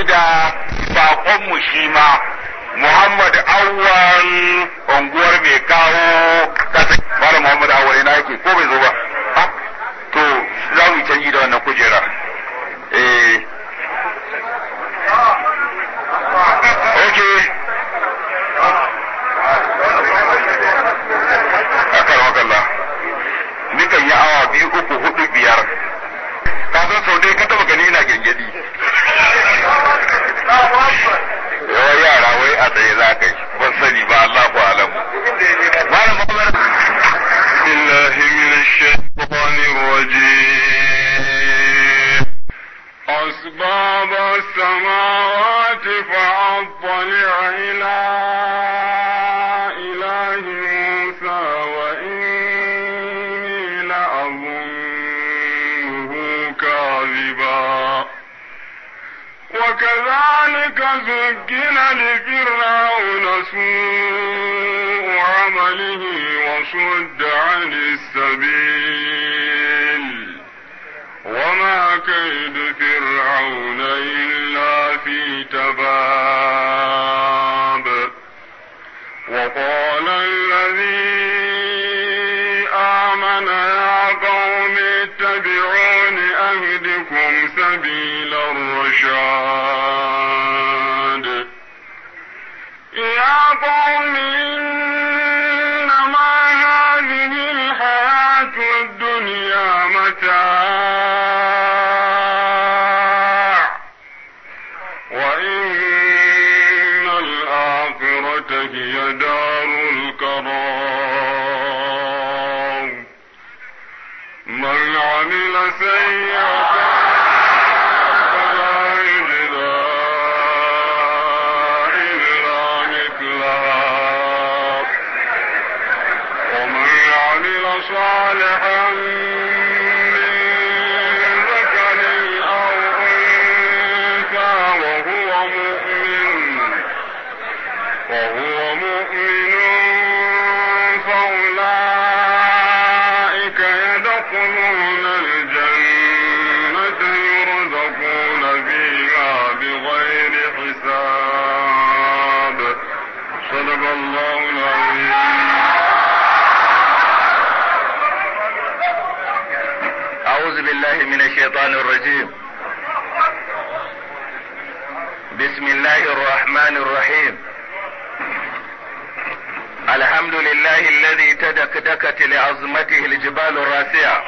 shi da bakonmu shi ma Muhammad Awwal unguwar mai kawo kasa Malam Muhammad Awwal ina yake ko bai zo ba ah, to za mu canji da wannan kujera eh okay akarwakalla nikan yi awa biyu uku hudu biyar ka zo sau dai ka taba gani na gengedi yawan yara wai a tsaye za ka yi ban sani ba Allah ku alamu malam mamar billahi minash shaitanir rajim asbaba samawati fa كذلك زجن لفرعون سوء عمله وصد عن السبيل وما كيد فرعون إلا في تباب وقال الذي آمن يا قوم اتبعون أهدكم سبيل الرشاد ضَمِيرٍ بالله من الشيطان الرجيم بسم الله الرحمن الرحيم الحمد لله الذي تدكدكت لعظمته الجبال الراسعة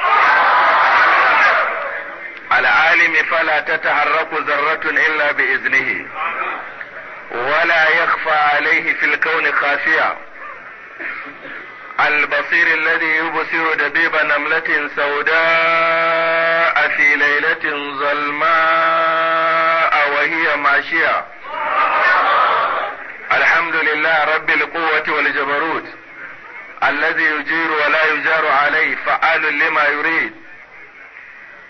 العالم فلا تتحرك ذرة إلا بإذنه ولا يخفى عليه في الكون خافية البصير الذي يبصر دبيب نملة سوداء في ليلة ظلماء وهي ماشية الحمد لله رب القوة والجبروت الذي يجير ولا يجار عليه فعال لما يريد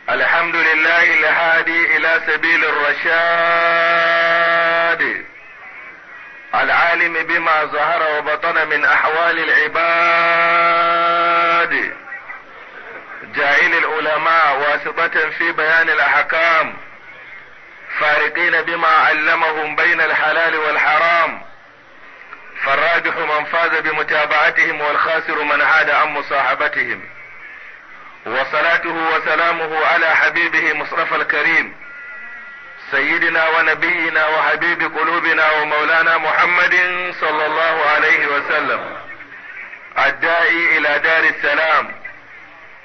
الحمد لله الهادي الى سبيل الرشاد العالم بما ظهر وبطن من احوال العباد جاعل العلماء واسطة في بيان الأحكام فارقين بما علمهم بين الحلال والحرام فالراجح من فاز بمتابعتهم والخاسر من عاد عن مصاحبتهم وصلاته وسلامه على حبيبه مصطفى الكريم سيدنا ونبينا وحبيب قلوبنا ومولانا محمد صلى الله عليه وسلم الداعي الى دار السلام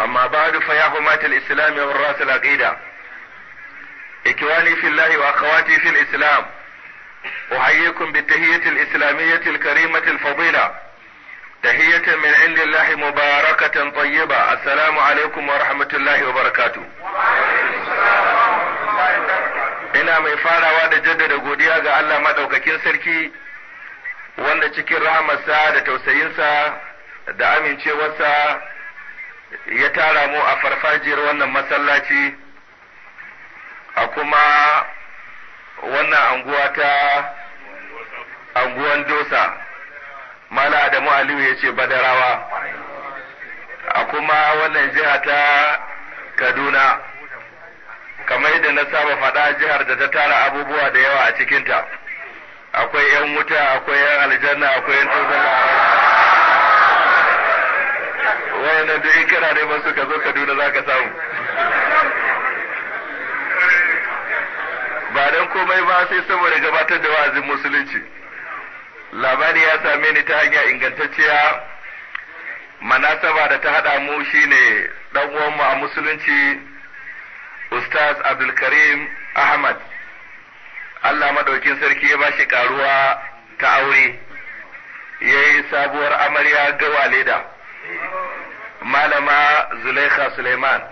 أما بعد فيا حماة الإسلام والرأس العقيدة إخواني في الله وأخواتي في الإسلام أحييكم بالتهية الإسلامية الكريمة الفضيلة تهية من عند الله مباركة طيبة السلام عليكم ورحمة الله وبركاته ina mai farawa da jaddada godiya ga Allah maɗaukakin sarki wanda cikin rahamarsa da tausayinsa da amincewarsa ya tara mu a farfajiyar wannan masallaci a kuma wannan anguwa ta anguwan dosa mala adamu aliyu ya ce badarawa a kuma wannan jiha ta kaduna kamar yadda na saba faɗa jihar da ta tara abubuwa da yawa a cikinta akwai 'yan wuta akwai 'yan aljanna akwai 'yan tozon wayannan duk in kana neman su ka zo Kaduna za ka samu ba dan komai ba sai saboda gabatar da wa'azin musulunci labari ya same ni ta hanya ingantacciya manasaba da ta haɗa mu shine dan uwanmu a musulunci ustaz abdulkarim ahmad allah madaukin sarki ya ba shi ƙaruwa ta aure ya yi sabuwar amarya ga leda malama Zulaikha Suleiman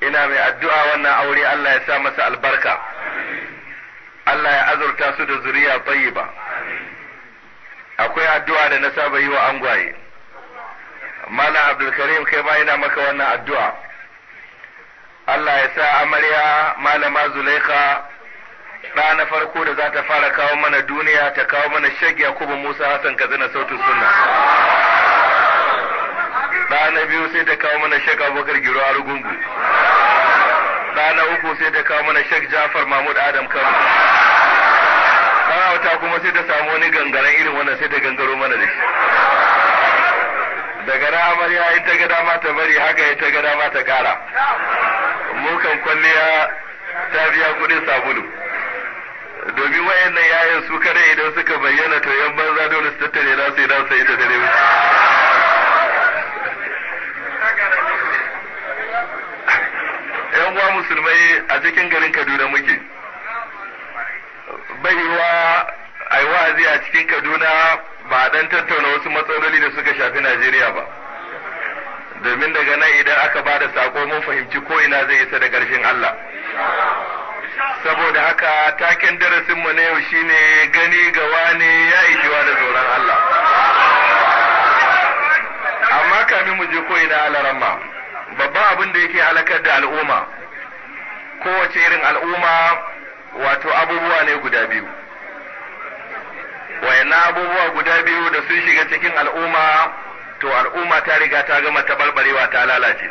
ina mai addu'a wannan aure Allah ya sa masa albarka Allah ya azurta su da zuriya tayyiba akwai addu'a da na saba yi wa angwaye Malam Abdulkarim kai ma ina maka wannan addu'a Allah ya sa amarya malama Zulaikha ɗa na farko da za ta fara kawo mana duniya ta kawo mana shagya Kubu Musa Hassan kazina sautin sunna ɗa na biyu sai ta kawo mana shek abubakar giro a rugungu ɗa na uku sai ta kawo mana shek jafar mahmud adam kano ɗan kuma sai ta samu wani gangaren irin wannan sai ta gangaro mana da shi daga na amarya in ta gada mata ta bari haka in ta gada mata ta kara mukan kwalliya ta biya kuɗin sabulu domin nan yayin su kada idan suka bayyana to yan banza dole su tattare nasu idan sai ta dare ‘yan uwa musulmai a cikin garin Kaduna muke. bai wa a yi wa'azi a cikin Kaduna ba dan tattauna wasu matsaloli da suka shafi Najeriya ba. Domin daga nan idan aka ba da saƙo mun fahimci ko'ina zai isa da ƙarshen Allah. Saboda haka taken darasinmu na yau shine gani ga wane ya jiwa da tsoron Allah. Amma kamin mu je ko ina alaramma. babban abin da yake halakar da al'umma kowace irin al'umma wato abubuwa ne guda biyu wayannan abubuwa guda biyu da sun shiga cikin al'umma to al'umma ta riga ta gama taɓarɓarewa ta lalace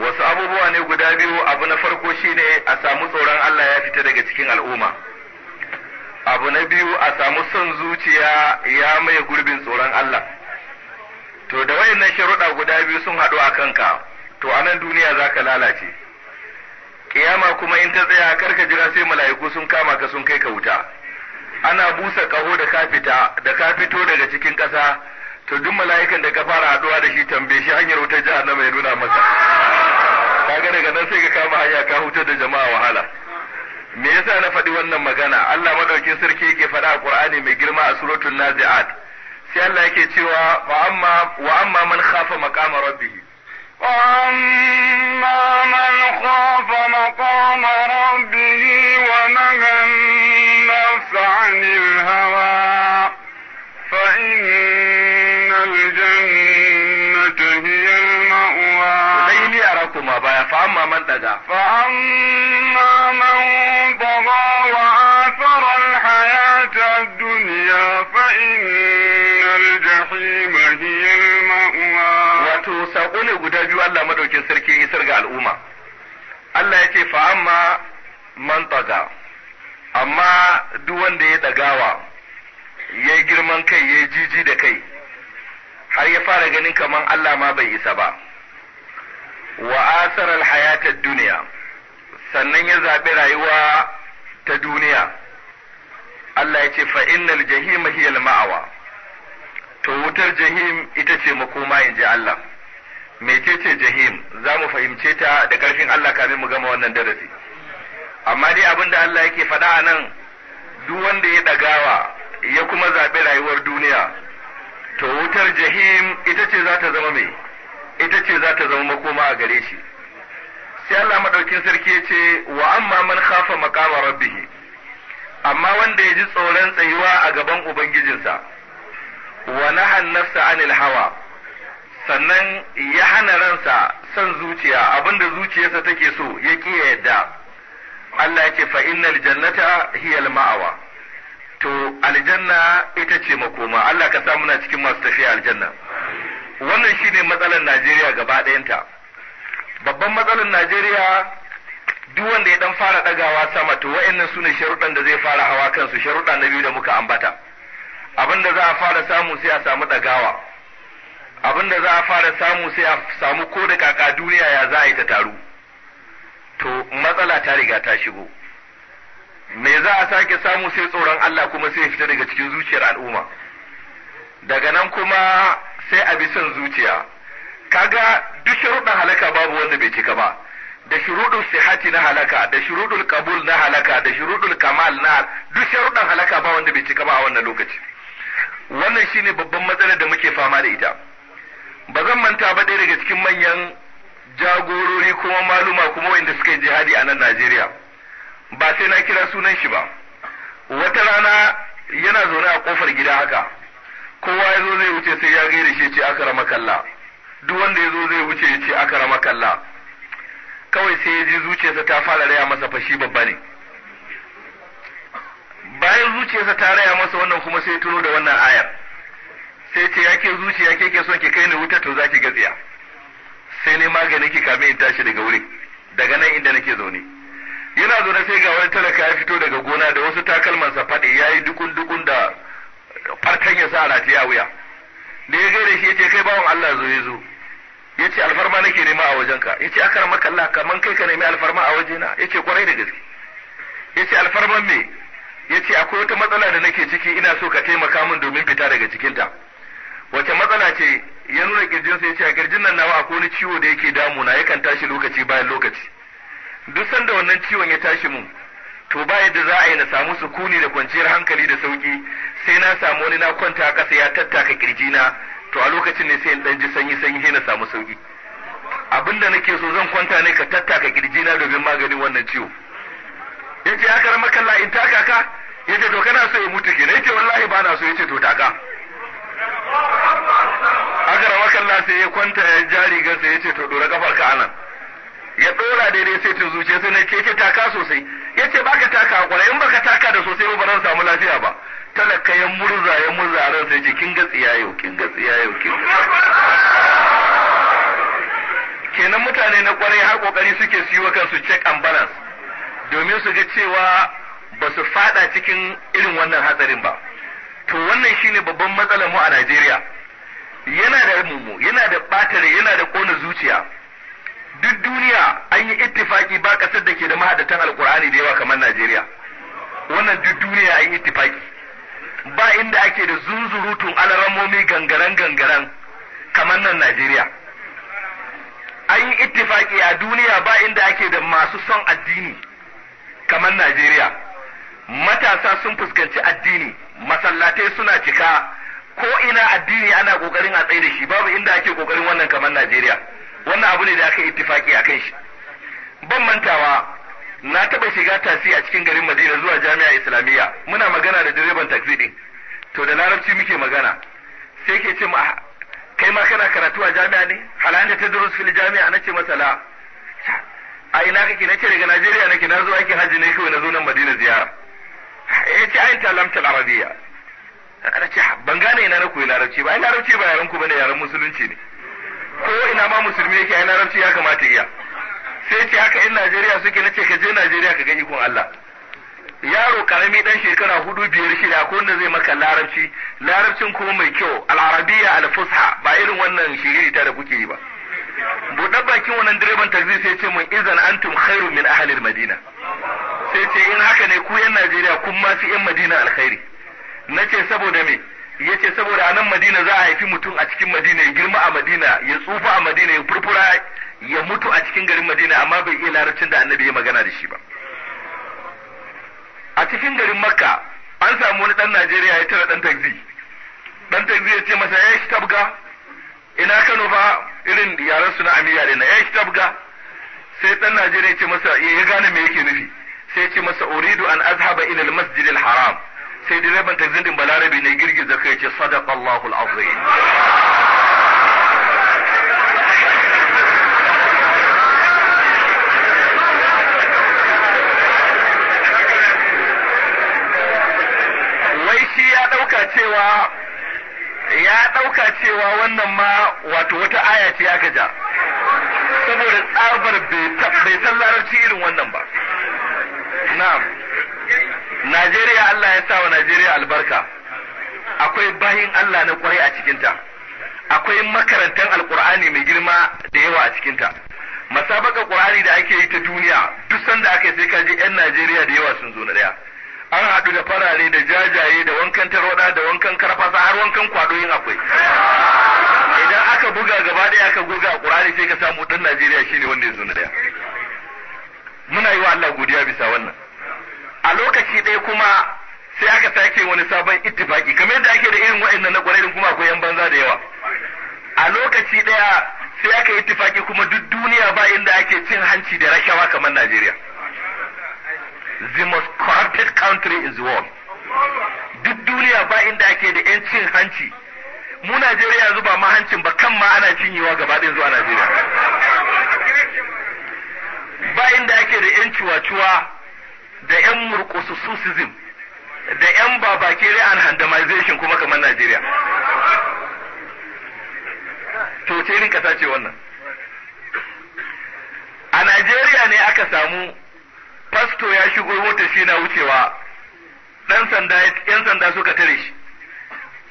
wasu abubuwa ne guda biyu abu na farko shine a samu tsoron Allah ya fita daga cikin al'umma abu na biyu a samu son zuciya ya maye gurbin tsoron Allah to da wayannan sharuɗa guda biyu sun haɗu a kanka to a nan duniya za ka lalace kiyama kuma in ta tsaya karka jira sai mala'iku sun kama ka sun kai ka wuta ana busa ƙaho da kafita da ka fito daga cikin ƙasa to duk mala'ikan da ka fara haɗuwa da shi tambaye shi hanyar wutar jahannama ya nuna maka kaga daga nan sai ka kama hanya ka hutar da jama'a wahala me yasa na faɗi wannan magana Allah madaukin sarki yake faɗa a Qur'ani mai girma a suratul Nazi'at sai Allah yake cewa wa amma wa amma man khafa maqama rabbih wa amma man khafa maqama rabbih wa man nafsa 'anil hawa fa innal jannata hiya al-ma'wa laili ni ara kuma baya fa amma man daga fa amma man daga wa الدنيا فإن الجحيم هي المأوى wato sako ne guda biyu Allah madaukin sarki isar ga al'umma Allah yake fa amma man taga amma duk wanda ya dagawa ya girman kai ya jiji da kai har ya fara ganin kamar Allah ma bai isa ba wa asar al duniya sannan ya zaɓi rayuwa ta duniya Allah ya ce fa innal jahima ma'awa to wutar jahim ita ce makoma in ji Allah ce jahim za mu fahimce ta da ƙarfin Allah kamin mu gama wannan darasi amma dai abin da Allah yake faɗa a nan duk wanda ya ɗagawa ya kuma zaɓi rayuwar duniya to wutar jahim ita ce za ta zama mai ita ce za ta zama makoma a gare shi sai Allah maɗaukin sarki ya ce wa amma man khafa maqama rabbihi amma wanda ya ji tsoron tsayuwa a gaban ubangijinsa wa nahan nafsa anil hawa sannan ya hana ransa son zuciya abinda zuciyarsa take so ya ki yadda Allah yake fa innal jannata hiya ma'awa to aljanna ita ce makoma Allah ka sa muna cikin masu tafiya aljanna wannan shine matsalar Najeriya gaba ɗayanta babban matsalar Najeriya duk wanda ya dan fara dagawa sama to wa'annan sune sharuɗan da zai fara hawa kansu sharuɗa na biyu da muka ambata abin da za a fara samu sai a samu dagawa abin da za a fara samu sai a samu ko da kaka duniya ya za a yi ta taru to matsala ta riga ta shigo me za a sake samu sai tsoron Allah kuma sai fita daga cikin zuciyar al'umma daga nan kuma sai a bi son zuciya kaga duk sharuɗan halaka babu wanda bai cika ba da shurudul sihati na halaka da shurudul qabul na halaka da shurudul kamal na duk sharuɗan halaka ba wanda bai cika ba a wannan lokaci wannan shine babban matsalar da muke fama da ita ba zan manta ba ɗaya daga cikin manyan jagorori kuma maluma kuma wanda suka yi jihadi a nan Najeriya ba sai na kira sunan shi ba wata rana yana zaune a kofar gida haka kowa ya zo zai wuce sai ya gaira shi ce aka rama duk wanda ya zo zai wuce ya ce aka rama kalla kawai sai ya ji zuciyarsa ta fara raya masa fashi babba ne bayan zuciyarsa ta raya masa wannan kuma sai tuno da wannan ayar sai ce yake zuciya ke son ki kai ni wuta to zaki gatsiya sai ne magani ki kame in tashi daga wuri daga nan inda nake zaune yana zaune sai ga wani talaka ya fito daga gona da wasu takalmansa faɗi ya yi dukun dukun da farkan ya sa a wuya da ya gaira shi ya ce kai bawan Allah zo ya zo Ya ce alfarma nake nema a wajenka Ya ce aka maka kalla, kamar kai ka nemi alfarma a wajena Ya ce kwarai da gaske Ya ce alfarman me ce akwai wata matsala da nake ciki ina so ka taimaka min domin fita daga cikinta wace matsala ce ya nuna kirjinsa ce a kirjin nan nawa akwai wani ciwo da yake na yakan tashi lokaci bayan lokaci duk sanda wannan ciwon ya tashi mun to ba yadda za a yi na samu sukuni da kwanciyar hankali da sauki sai na samu wani na kwanta kasa ƙasa ya tattaka kirjina to a lokacin ne sai in dan ji sanyi sanyi sai na samu sauki abin da nake so zan kwanta ne ka tattaka na domin maganin wannan ciwo yace ya karama kalla in taka ka yace to kana so ya mutu kenan yace wallahi ba na so yace to taka akara makalla sai ya kwanta ya jari rigarsa ya ce to dora kafar ka anan ya dora daidai sai ta zuciya sai na keke taka sosai ya ce baka taka kwarai in baka taka da sosai ba ran samu lafiya ba tana kayan murza ya murza ran sai jikin yau kin gatsiya yau kin kenan mutane na kwarai har kokari suke siyo kansu check and balance domin su ga cewa ba su fada cikin irin wannan hatsarin ba to wannan shine babban matsalar mu a Najeriya yana da mumu yana da batare yana da kona zuciya duk duniya an yi ittifaki ba kasar da ke da mahadatan alkur'ani da yawa kamar Najeriya wannan duk duniya an yi ittifaki ba inda ake da zunzurutun alaramomi gangaren gangaren kamar nan Najeriya an yi ittifaki a duniya ba inda ake da masu son addini kamar Najeriya matasa sun fuskanci addini masallatai suna cika ko ina addini ana kokarin a tsaye da shi babu inda ake kokarin wannan kamar Najeriya wannan abu ne da aka ittifaki a kan shi ban mantawa na taba shiga tasi a cikin garin Madina zuwa jami'a Islamiyya muna magana da direban taxi din to da larabci muke magana sai ke ce kai ma kana karatu a jami'a ne halanda ta durus fil jami'a nace masa la a ina kake nace daga Najeriya nake na zuwa aiki haji ne kawai na zo nan Madina ziyara ce ayin talamta al-arabiyya ana ce ban gane ina na koyi larabci ba ai larabci ba yaran ku bane yaran musulunci ne ko ina ma musulmi yake ai larabci ya kamata ya sai ce haka in Najeriya suke na ce ka je Najeriya ka gani kun Allah yaro karami dan shekara hudu biyar shida ko wanda zai maka larabci larabcin kuma mai kyau al-arabiyya al-fusha ba irin wannan ta da kuke yi ba buɗe bakin wannan direban taxi sai ce mun izan antum khairu min ahlil madina sai ce in haka ne ku yan Najeriya kun ma fi yan Madina alkhairi nace saboda me yace saboda anan Madina za a haifi mutum a cikin Madina ya girma a Madina ya tsufa a Madina ya furfura ya mutu a cikin garin Madina amma bai iya larabcin da annabi ya magana da shi ba a cikin garin Makka an samu wani dan Najeriya ya tara dan taxi dan taxi ya ce masa ya tabga ina Kano fa irin yaran su na Amiya na ya shi tabga sai dan Najeriya ya ce masa ya gane me yake nufi sai ya ce masa uridu an azhaba ila al-masjid al-haram sai direban taxi din balarabe ne girgiza kai ya ce sadaqallahu al-azim cewa ya ɗauka cewa wannan ma wato wata aya ce aka ja saboda tsabar bai san larabci irin wannan ba na'am Najeriya Allah ya sa wa Najeriya albarka akwai bayin Allah na kwarai a cikinta akwai makarantar alkur'ani mai girma da yawa a cikinta masabaka ƙur'ani da ake yi ta duniya duk sanda aka yi sai ka ji 'yan Najeriya da yawa sun zo na daya an haɗu da farare da jajaye da wankan tarwaɗa da wankan karfasa har wankan kwado yin akwai idan aka buga gaba ɗaya aka goga a ƙurari sai ka samu ɗan Najeriya shine wanda ya zo ɗaya muna yi wa Allah godiya bisa wannan a lokaci ɗaya kuma sai aka sake wani sabon ittifaki kamar yadda ake da irin wa'annan na ƙwararrun kuma akwai yan banza da yawa a lokaci ɗaya sai aka yi ittifaki kuma duk duniya ba inda ake cin hanci da rashawa kamar Najeriya the most corrupted country in the world duk duniya ba inda ake da yancin hanci mu Najeriya yanzu ba ma hancin ba kan ma ana cinyewa gaba ɗaya zuwa Najeriya ba inda ake da yan ciwa-ciwa da yan susizim da yan babakere an handamization kuma kamar Najeriya to ce rinka ce wannan a Najeriya ne aka samu fasto ya shigo mota shi na wucewa ɗan sanda yan sanda suka tare shi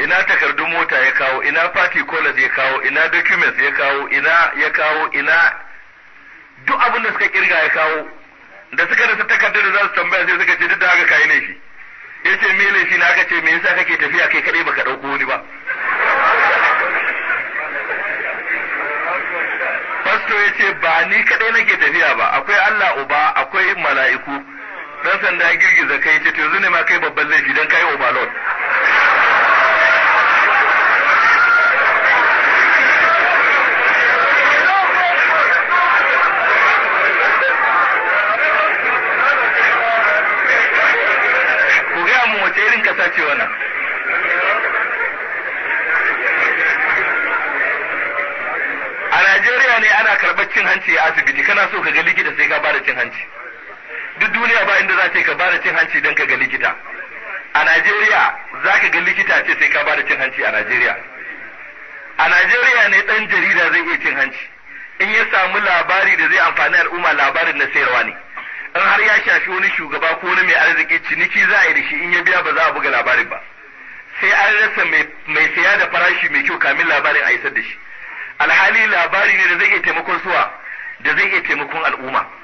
ina takardun mota ya kawo ina party colors ya kawo ina documents ya kawo ina ya kawo ina duk abin da suka kirga ya kawo da suka rasa takardar da za su tambaya sai suka ce duk da haka kai ne shi yace me ne shi na aka ce me yasa kake tafiya kai kadai baka dauko wani ba Plato ya ce ba ni kaɗai nake tafiya ba akwai Allah uba akwai mala'iku dan sanda girgiza kai ce to yanzu ne ma kai babban laifi dan kai lord ba da cin hanci don ka ga likita a Najeriya za ka ga likita ce sai ka ba da cin hanci a Najeriya a Najeriya ne ɗan jarida zai iya cin hanci in ya samu labari da zai amfani al'umma labarin na sayarwa ne in har ya shafi wani shugaba ko wani mai arziki ciniki za a yi da shi in ya biya ba za a buga labarin ba sai an rasa mai saya da farashi mai kyau kamin labarin a isar da shi alhali labari ne da zai iya taimakon suwa da zai iya taimakon al'umma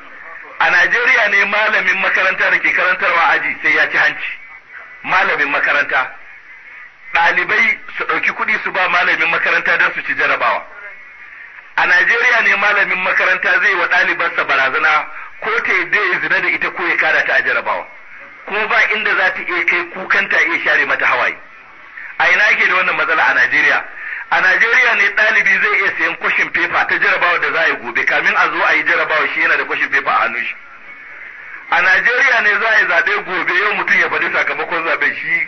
a Najeriya ne malamin makaranta da ke karantarwa aji sai ya ci hanci malamin makaranta ɗalibai su ɗauki kuɗi su ba malamin makaranta don su ci jarabawa a Najeriya ne malamin makaranta zai wa ɗalibansa barazana ko ta ya zina da ita ko ya kada ta a jarabawa kuma ba inda za ta iya kai kukanta iya share mata hawaye a ina ke da wannan matsala a Najeriya a Najeriya ne ɗalibi zai iya sayan kwashin fefa ta jarabawa da za a yi gobe kamin a zo a yi jarabawa shi yana da kwashin fefa a hannun shi a Najeriya ne za a yi zaɓe gobe yau mutum ya faɗi sakamakon zaɓen shi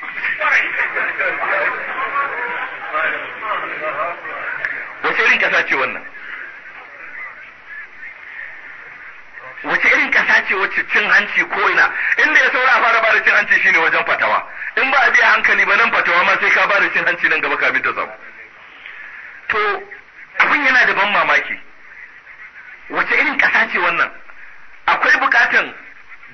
wace irin ƙasa ce wannan wace irin ƙasa ce wacce cin hanci ko ina inda ya saura a fara bada cin hanci shine wajen fatawa in ba a biya hankali ba nan fatawa ma sai ka bada cin hanci nan gaba kamin ta samu to abin yana da ban mamaki wace irin ƙasa ce wannan akwai buƙatan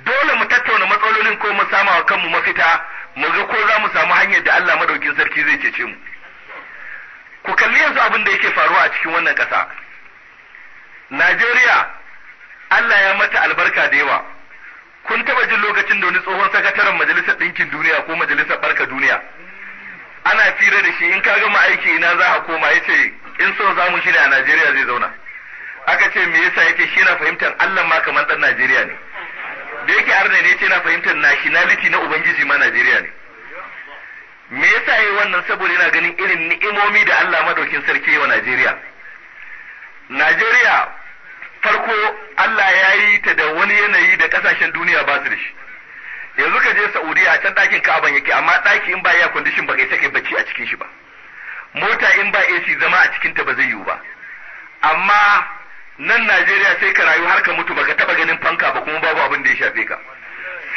dole mu tattauna matsalolin ko mu sama wa kanmu mafita mu ga ko za mu samu hanyar da Allah madaukin sarki zai cece mu ku kalli yanzu abin da yake faruwa a cikin wannan ƙasa Najeriya Allah ya mata albarka da yawa kun taba jin lokacin da wani tsohon sakataren majalisar ɗinkin duniya ko majalisar barka duniya ana fira da shi in ka gama aiki ina za a koma ya ce in so za shi ne a Najeriya zai zauna aka ce me yasa yake shi na fahimtar Allah ma kamar dan Najeriya ne da yake arne ne yace na fahimtar nationality na ubangiji ma Najeriya ne me yasa yayi wannan saboda yana ganin irin ni'imomi da Allah madaukin sarki wa Najeriya Najeriya farko Allah ya yi ta da wani yanayi da kasashen duniya ba su da shi yanzu ka je Saudiya can ɗakin Ka'aban yake amma ɗaki in ba ya kwandishin ba kai sai bacci a cikin shi ba mota in ba AC zama a cikin ta ba zai yiwu ba amma nan Najeriya sai ka rayu har ka mutu baka taba ganin fanka ba kuma babu abin da ya shafe ka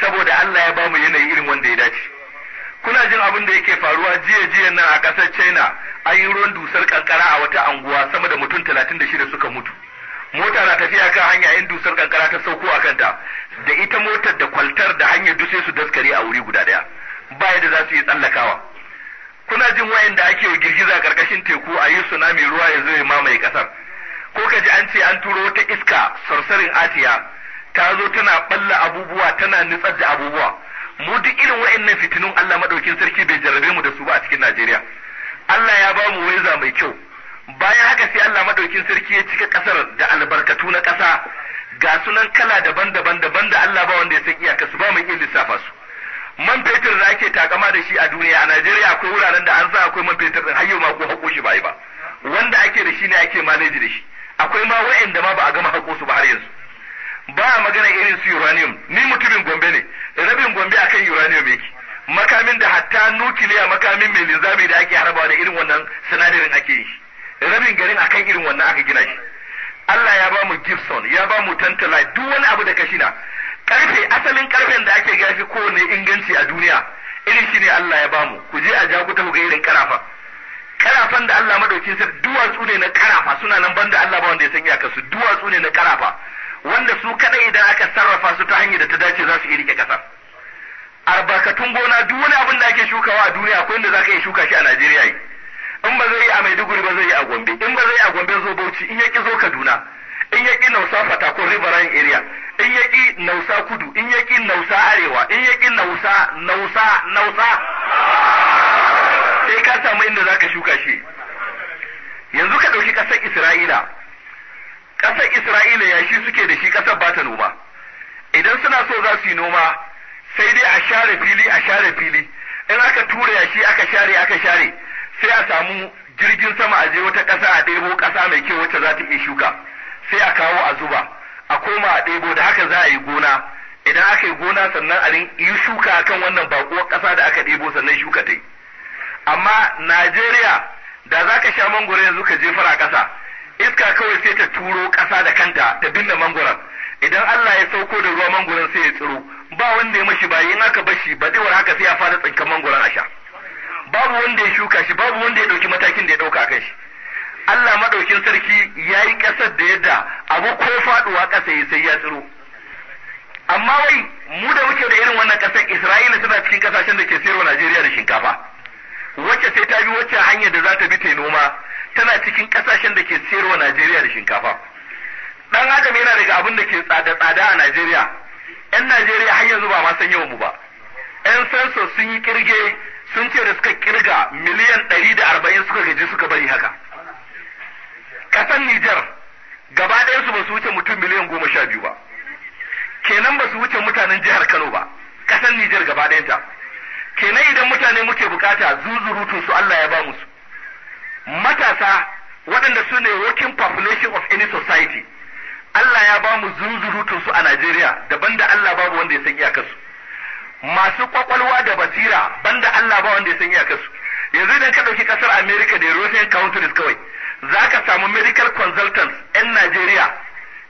saboda Allah ya bamu yanayi irin wanda ya dace kuna jin abin da yake faruwa jiya jiya nan a ƙasar China an yi ruwan dusar kankara a wata anguwa sama da mutum 36 suka mutu mota na tafiya kan hanya in dusar kankara ta sauko a kanta da ita motar da kwaltar da hanyar dutse su daskare a wuri guda daya ba da za su yi tsallakawa kuna jin da ake girgiza karkashin teku a yi tsunami ruwa ya zo ya mamaye kasar ko ka ji an ce an turo wata iska sarsarin atiya ta zo tana balla abubuwa tana nutsar da abubuwa mu duk irin wayannan fitinun Allah madaukin sarki bai jarrabe mu da su ba a cikin Najeriya Allah ya ba mu waiza mai kyau bayan haka sai Allah madaukin sarki ya cika kasar da albarkatu na kasa ga sunan kala daban-daban daban da Allah ba wanda ya san iyaka su ba mai iya lissafa su man fetur da ake takama da shi a duniya a Najeriya akwai wuraren da an sa akwai man fetur din har ma ko hako shi bai ba wanda ake da shi ne ake maleji da shi akwai ma wa'anda ma ba a gama hako su ba har yanzu ba magana irin su uranium ni mutumin Gombe ne rabin Gombe akan uranium yake makamin da hatta nukiliya makamin mai linzami da ake harbawa da irin wannan sinadarin ake yi rabin garin akan irin wannan aka gina shi Allah ya ba mu Gibson ya ba mu Tantalite duk wani abu da kashina karfe asalin karfen da ake gafi kowane inganci a duniya irin shi ne Allah ya ba mu ku je a ja ku tafi ga irin karafa karafan da Allah madaukin sa duwatsu ne na karafa suna nan banda Allah ba wanda ya san iyaka su duwatsu ne na karafa wanda su kadai idan aka sarrafa su ta hanyar da ta dace za su iya rike kasa albarkatun gona duk wani abin da ake shukawa a duniya akwai inda za ka shuka shi a Najeriya yi in ba zai yi a Maiduguri ba zai yi a Gombe in ba zai yi a Gombe zo Bauchi in ya zo Kaduna in ya nausa Fatakon Riverine area in ya nausa kudu in ya nausa arewa in ya nausa nausa nausa sai ka samu inda zaka shuka shi yanzu ka dauki kasar Isra'ila kasar Isra'ila yashi suke da shi kasar ba ta noma idan suna so za su yi noma sai dai a share fili a share fili in aka tura yashi aka share aka share sai a samu jirgin sama a je wata ƙasa a ɗebo ƙasa mai kyau wacce za ta iya shuka sai a kawo a zuba a koma a ɗebo da haka za a yi gona idan aka yi gona sannan a yi shuka kan wannan baƙuwar ƙasa da aka ɗebo sannan shuka ta yi amma Najeriya da za ka sha mangoro yanzu ka je fara ƙasa iska kawai sai ta turo ƙasa da kanta ta binne mangoron idan Allah ya sauko da ruwa mangoron sai ya tsiro ba wanda ya mashi bayi in aka bashi baɗewar haka sai a fara tsinkan mangoron a sha babu wanda ya shuka shi babu wanda ya ɗauki matakin da ya ɗauka kai shi Allah maɗaukin sarki ya yi ƙasar da yadda abu ko faɗuwa ƙasa ya sai ya tsiro amma wai mu da muke da irin wannan ƙasar Isra'ila suna cikin ƙasashen da ke sayarwa Najeriya da shinkafa wacce sai ta bi wacce hanyar da za ta bi ta noma tana cikin ƙasashen da ke sayarwa Najeriya da shinkafa dan adam yana daga abin da ke tsada tsada a Najeriya 'yan Najeriya har yanzu ba ma san yawan mu ba 'yan sansa sun yi kirge sun ce da suka kirga miliyan ɗari da arba'in suka gaji suka bari haka ƙasar Nijar gaba su ba su wuce mutum miliyan goma sha biyu ba kenan ba su wuce mutanen jihar Kano ba ƙasar Nijar gaba ta. kenan idan mutane muke bukata zuzurutun su Allah ya ba musu matasa waɗanda su ne working population of any society Allah ya ba mu zuzurutun su a Najeriya daban da Allah babu wanda ya san iyakarsu masu kwakwalwa da basira banda Allah ba wanda ya san iyakarsu yanzu idan ka ɗauki ƙasar America da European countries kawai za ka samu medical consultants 'yan Najeriya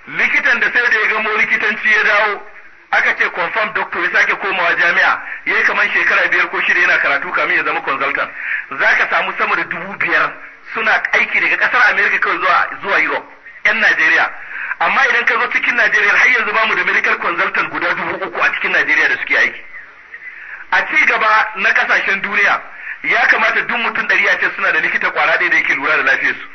likitan da sai da ya gamo likitanci ya dawo aka ce confirm doctor ya sake komawa jami'a ya yi kamar shekara biyar ko shida yana karatu kamin ya zama consultant za ka samu sama da dubu biyar suna aiki daga kasar America kawai zuwa zuwa Europe 'yan Najeriya amma idan ka zo cikin Najeriya har yanzu ba mu da medical consultant guda dubu uku a cikin Najeriya da suke aiki a ci gaba na kasashen duniya ya kamata duk mutum ɗari a ce suna da likita kwara ɗaya da yake lura da lafiyarsu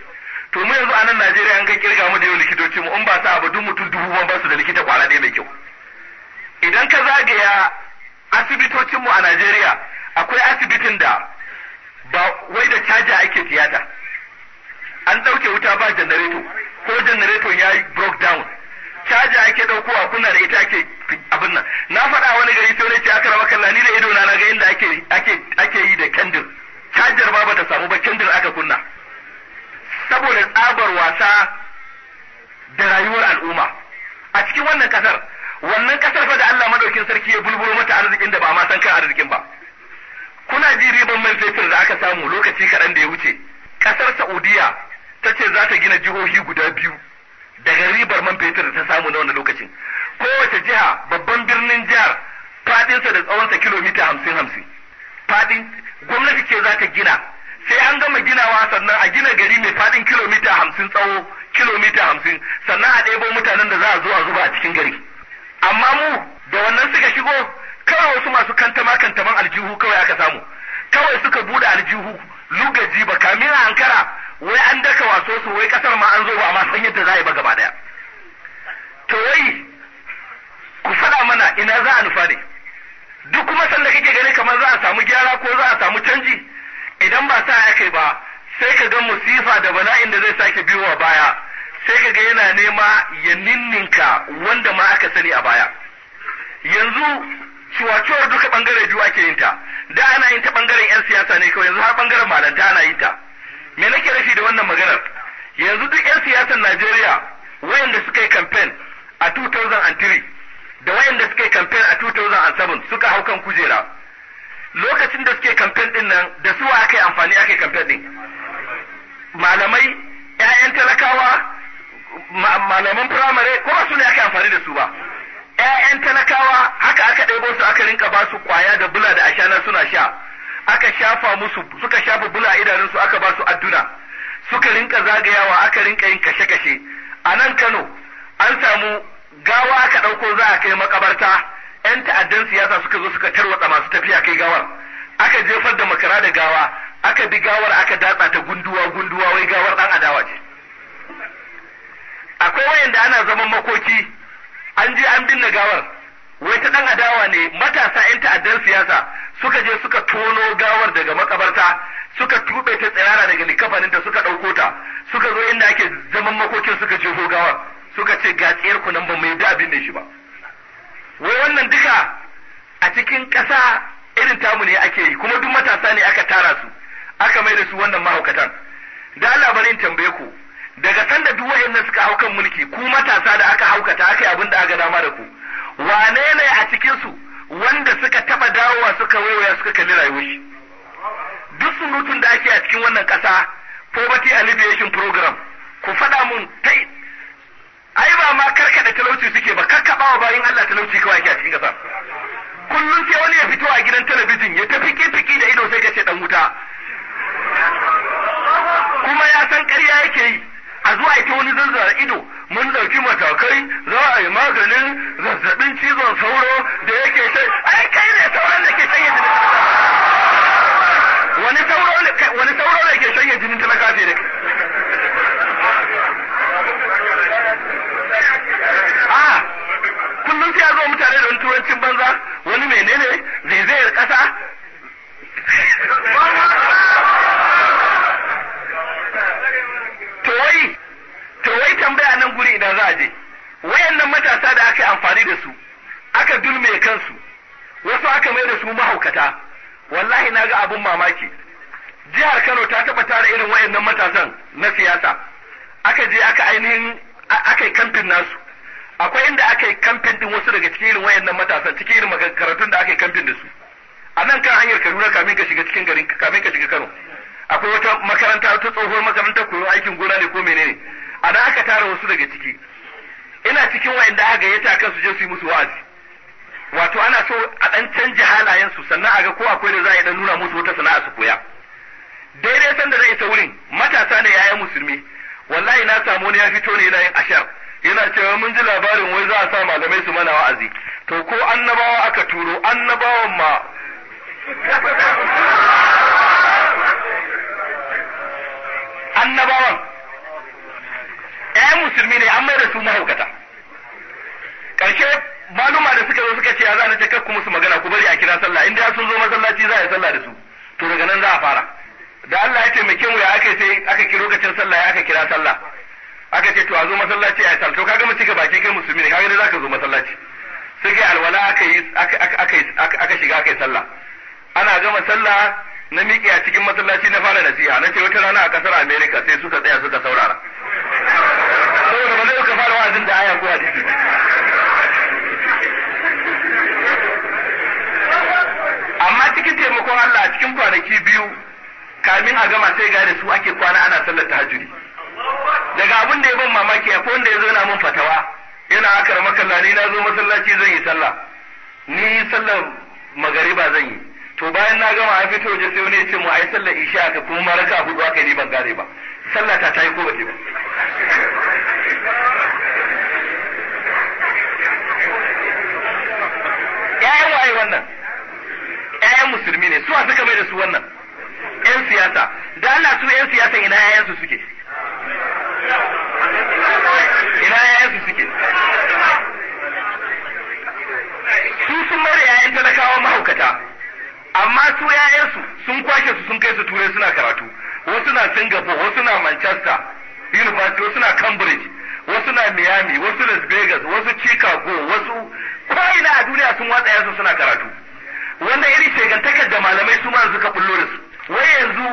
to mu yanzu a nan Najeriya an kai kirga mu da yau likitoci mu in ba sa abu duk mutum dubu ban ba su da likita kwara ɗaya mai kyau idan ka zagaya asibitocin mu a Najeriya akwai asibitin da ba wai da caja ake tiyata an ɗauke wuta ba janareto ko janareto ya yi broke down caja ake a kunna da ita ake abin nan na faɗa wani gari sai wani ce aka makalla ni da ido na na ga inda ake ake ake yi da kyandir. cajar ba bata samu ba kyandir aka kunna saboda tsabar wasa da rayuwar al'umma a cikin wannan kasar wannan kasar fa da Allah madaukin sarki ya bulburo mata arzikin da ba ma san kan arzikin ba kuna ji riban man fetur da aka samu lokaci kaɗan da ya wuce kasar Saudiya ta ce za ta gina jihohi guda biyu daga ribar man fetur da ta samu na wannan lokacin kowace jiha babban birnin jihar sa da tsawonsa kilomita hamsin hamsin fadin gwamnati ce za ta gina sai an gama ginawa sannan a gina gari mai fadin kilomita hamsin tsawo kilomita hamsin sannan a ɗebo mutanen da za a zo a zuba a cikin gari amma mu da wannan suka shigo kawai wasu masu kantama kantaman aljihu kawai aka samu kawai suka buɗe aljihu lugaji ba kamina ankara wai an daka wato su wai kasar ma an zo ba amma san yadda za a yi ba gaba daya to wai ku faɗa mana ina za a nufa ne duk kuma sanda kake gani kamar za a samu gyara ko za a samu canji idan ba sa ya kai ba sai ka ga musifa da bala'in da zai sake biyowa baya sai ka ga yana nema ya ninninka wanda ma aka sani a baya yanzu ciwaciwar duka bangare biyu ake yin ta da ana yin ta bangaren yan siyasa ne kawai yanzu har bangaren malanta ana yin ta me nake rashi da wannan maganar yanzu duk 'yan siyasar Najeriya wayanda suka yi campaign a 2003 da wayanda suka yi campaign a 2007 suka hau kan kujera lokacin da suke campaign din nan da wa aka yi amfani aka yi campaign din malamai 'ya'yan talakawa malaman firamare ko ba su ne aka yi amfani da su ba ‘ya'yan talakawa haka aka ɗebo su aka rinka ba su kwaya da bula da ashana suna sha aka shafa musu suka shafa bula a idanunsu aka ba su adduna suka rinka zagayawa aka rinka yin kashe-kashe a nan Kano an samu gawa aka ɗauko za a kai makabarta 'yan ta'addan siyasa suka zo suka tarwatsa masu tafiya kai gawar aka jefar da makara da gawa aka bi gawar aka datsa ta gunduwa gunduwa wai gawar ɗan adawa ce akwai wayanda ana zaman makoki an je an binne gawar wai ta dan adawa ne matasa yan ta'addar siyasa suka je suka tono gawar daga makabarta suka tube ta tsirara daga likafanin ta suka ɗauko ta suka zo inda ake zaman makokin suka je gawar suka ce ga tsiyar ku nan ba mai da abin da shi ba wai wannan duka a cikin ƙasa irin tamu ne ake yi kuma duk matasa ne aka tara su aka mai da su wannan mahaukatan da Allah bari in tambaye ku daga sanda duk wayannan suka haukan mulki ku matasa da aka haukata aka yi abin da aka dama da ku wane ne a cikinsu wanda suka taba dawowa suka waiwaya suka kalli rayuwar shi duk surutun da ake a cikin wannan ƙasa poverty alleviation program ku faɗa mun tai ai ba ma karkaɗa talauci suke ba karka ba bayan Allah talauci kawai ake a cikin kasa kullum sai wani ya fito a gidan talabijin ya tafi fiki da ido sai ka ce dan wuta kuma ya san ƙarya yake yi a zuwa ita wani zanzara ido mun ɗauki matakai za a yi maganin zazzabin cizon sauro da yake sai ai kai ne sauran da ke sanya jini wani sauro wani sauro da ke sanya jini talaka ah, ce ne a kullum sai ya zo mutane da turancin banza wani menene zaizayar ƙasa to wai to wai tambaya nan guri idan za a je wayannan matasa da aka yi amfani da su aka dulme kansu wasu aka mai da su mahaukata wallahi na ga abin mamaki jihar Kano ta taba tara irin wayannan matasan na siyasa aka je aka ainihin aka yi kamfin nasu akwai inda aka yi kamfin din wasu daga cikin irin wayannan matasan cikin irin makarantun da aka yi kamfin da su a nan kan hanyar Kaduna kamin ka shiga cikin garin kamin ka shiga Kano akwai wata makaranta ta tsohuwar makarantar koyon aikin gona ne ko menene a da aka tara wasu daga ciki ina cikin wa'anda aka gayyata kan su je su yi musu wa'azi wato ana so a dan canja halayen su sannan a ga ko akwai da za a yi dan nuna musu wata sana'a su koya daidai sanda da isa wurin matasa ne yayan musulmi wallahi na samu wani ya fito ne yana yin ashar yana cewa mun ji labarin wai za a sa malamai su mana wa'azi to ko annabawa aka turo annabawan ma annabawan yi musulmi ne an mai da su mahaukata ƙarshe maluma da suka zo suka ce za na kakku musu magana ku bari a kira sallah inda sun zo masallaci za a yi sallah da su to daga nan za a fara da Allah ya taimake mu ya aka sai aka kira lokacin sallah ya aka kira sallah aka ce to a zo masallaci a yi sallah to kaga gama cika baki kai musulmi ne kaga za ka zo masallaci sai kai alwala aka yi aka shiga aka yi sallah ana gama sallah na miƙe a cikin masallaci na fara nasiha na ce wata rana a ƙasar Amerika sai suka tsaya suka saurara saboda ba zai ka fara wa'azin da aya ko hadisi amma cikin taimakon Allah a cikin kwanaki biyu kamin a gama sai gane su ake kwana ana sallar tahajjudi daga abin da ya ban mamaki a kowanne ya zo na mun fatawa yana akar makalla ni na zo masallaci zan yi sallah ni sallar magariba zan yi to bayan na gama an fito waje sai wani ya ce mu ai sallar isha ka kuma maraka hudu aka yi ban gare ba sallah ta tayi ko ba ta ba ƴaƴan waye wannan ƴaƴan musulmi ne a suka mai da su wannan ƴan siyasa da Allah su ƴan siyasa ina ƴaƴan su suke ina ƴaƴan su suke su sun mara ya'yan talakawa mahaukata amma su ‘ya'yansu sun kwashe su sun kai su turai suna karatu wasu na singapore wasu na manchester university wasu na cambridge wasu na miami wasu las vegas wasu chicago wasu ko'ina a duniya sun watsa yansu suna karatu wanda irin shegantakar da malamai su ma suka fullo da su wai yanzu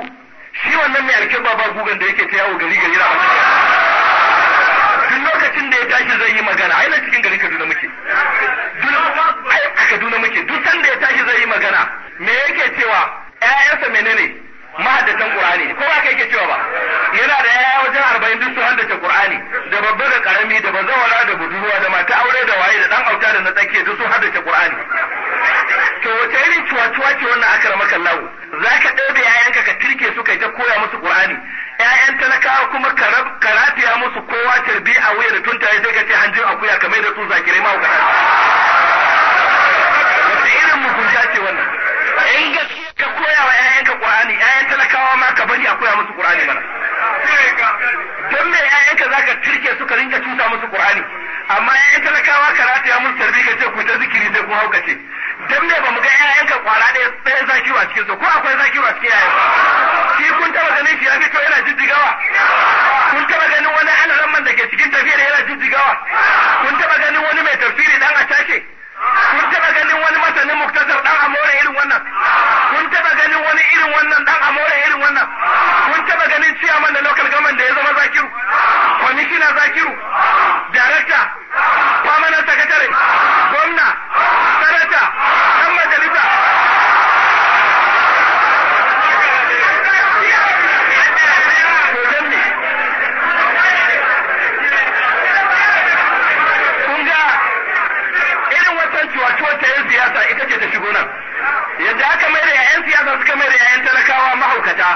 shi wannan mai alkin baba gugan da yake ta yawo gari gari na duk lokacin da ya tashi zai yi magana ai cikin gari Kaduna muke duk a Kaduna muke duk sanda ya tashi zai yi magana me yake cewa ƴaƴansa menene mahaddatan Qur'ani ko ba kai yake cewa ba yana da ƴaƴa wajen arba'in duk su haddace Qur'ani da babba da karami da bazawara da budurwa da mata aure da waye da dan auta da na tsakiya duk su haddace Qur'ani to wace irin cuwa ce wannan aka rama kallahu za ka ɗaube ‘ya'yanka ka tirke su kai ta koya musu ƙur'ani ‘ya'yan talakawa kuma karatiya musu kowa tarbi a wuya da tuntaye sai ka ce hanjin akuya ka da su zakirai wace irin mugunta ce wannan in gaskiya ka koya wa ƴaƴanka Qur'ani ƴaƴan talakawa ma ka bari a koya musu Qur'ani mana don me ƴaƴanka zaka tirke su ka rinka cuta musu Qur'ani amma ƴaƴan talakawa ka rataya musu tarbi ka ce ku ta zikiri sai ku hauka ce don me bamu ga ƴaƴanka kwara ɗaya ɗaya zakiru a cikin su ko akwai zaki a cikin ƴaƴan shi kun taba ganin shi ya fito yana jijjigawa kun taba ganin wani alaramman da ke cikin tafiyar yana jijjigawa kun taba ganin wani mai tafsiri dan a take kun taba ganin wani masanin muktasar dan amore irin wannan kun taba ganin wani irin wannan dan amore irin wannan kun taba ganin ciyaman da local government da ya zama zakiru kwamishina zakiru director permanent secretary gwamna Senator? dan majalisa duk ta yan siyasa ita ce ta shigo nan yadda aka mai da yayan siyasa suka mai da yayan talakawa mahaukata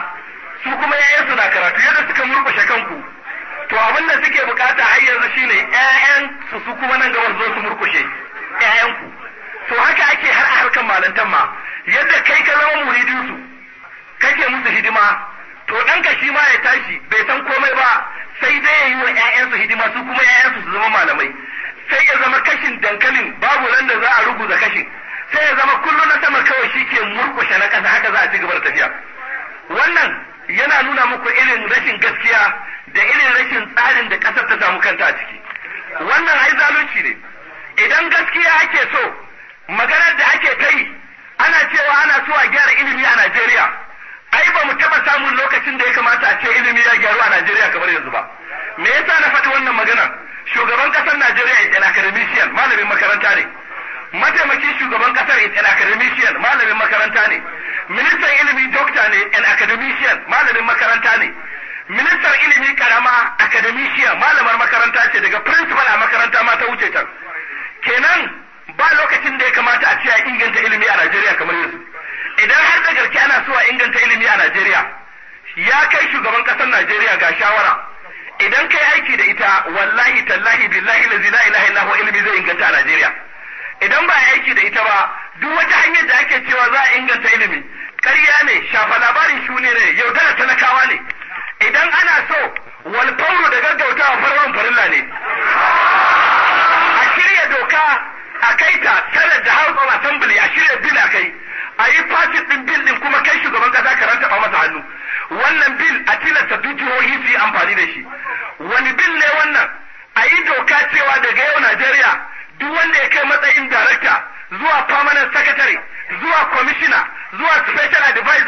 su kuma yayan su na karatu yadda suka murkushe kanku to abin da suke bukata har yanzu shine yayan su su kuma nan gaba zo su murkushe yayan ku to haka ake har a harkan malantan ma yadda kai ka zama muridin su kake musu hidima to ka shi ma ya tashi bai san komai ba sai dai yayi yi wa 'ya'yansu hidima su kuma 'ya'yansu su zama malamai sai ya zama kashin dankalin babu ran da za a ruguza kashin sai ya zama kullum na sama kawai shi ke murkushe na kasa haka za a ci gaba da tafiya wannan yana nuna muku irin rashin gaskiya da irin rashin tsarin da kasar ta samu kanta a ciki wannan ai zalunci ne idan gaskiya ake so maganar da ake ta yi ana cewa ana so a gyara ilimi a Najeriya ai ba mu taɓa samun lokacin da ya kamata a ce ilimi ya gyaru a Najeriya kamar yanzu ba me yasa na faɗi wannan magana shugaban kasar Najeriya is an academician malamin makaranta ne mataimakin shugaban kasar is an academician malamin makaranta ne ministan ilimi doctor ne an academician malamin makaranta ne ministan ilimi karama academician malamar makaranta ce daga principal a makaranta ma ta wuce ta kenan ba lokacin da ya kamata a ce a inganta ilimi a Najeriya kamar yanzu idan har da garki ana so a inganta ilimi a Najeriya ya kai shugaban kasar Najeriya ga shawara idan kai aiki da ita wallahi tallahi billahi la ilaha illa huwa ilmi zai inganta a Najeriya idan ba aiki da ita ba duk wata hanyar da ake cewa za a inganta ilimi ƙarya ne shafa labarin shune ne yaudara talakawa ne idan ana so wal fauru da gaggautawa farwan farilla ne a shirya doka a kai ta sanar da House of Assembly a shirya bil a kai a yi fasit ɗin bil ɗin kuma kai shugaban kasa karanta ba masa hannu wannan bil a tilasta duk jihohi su yi amfani da shi wani bil ne wannan a yi doka cewa daga yau Najeriya duk wanda ya kai matsayin darakta zuwa permanent secretary zuwa commissioner zuwa special advisor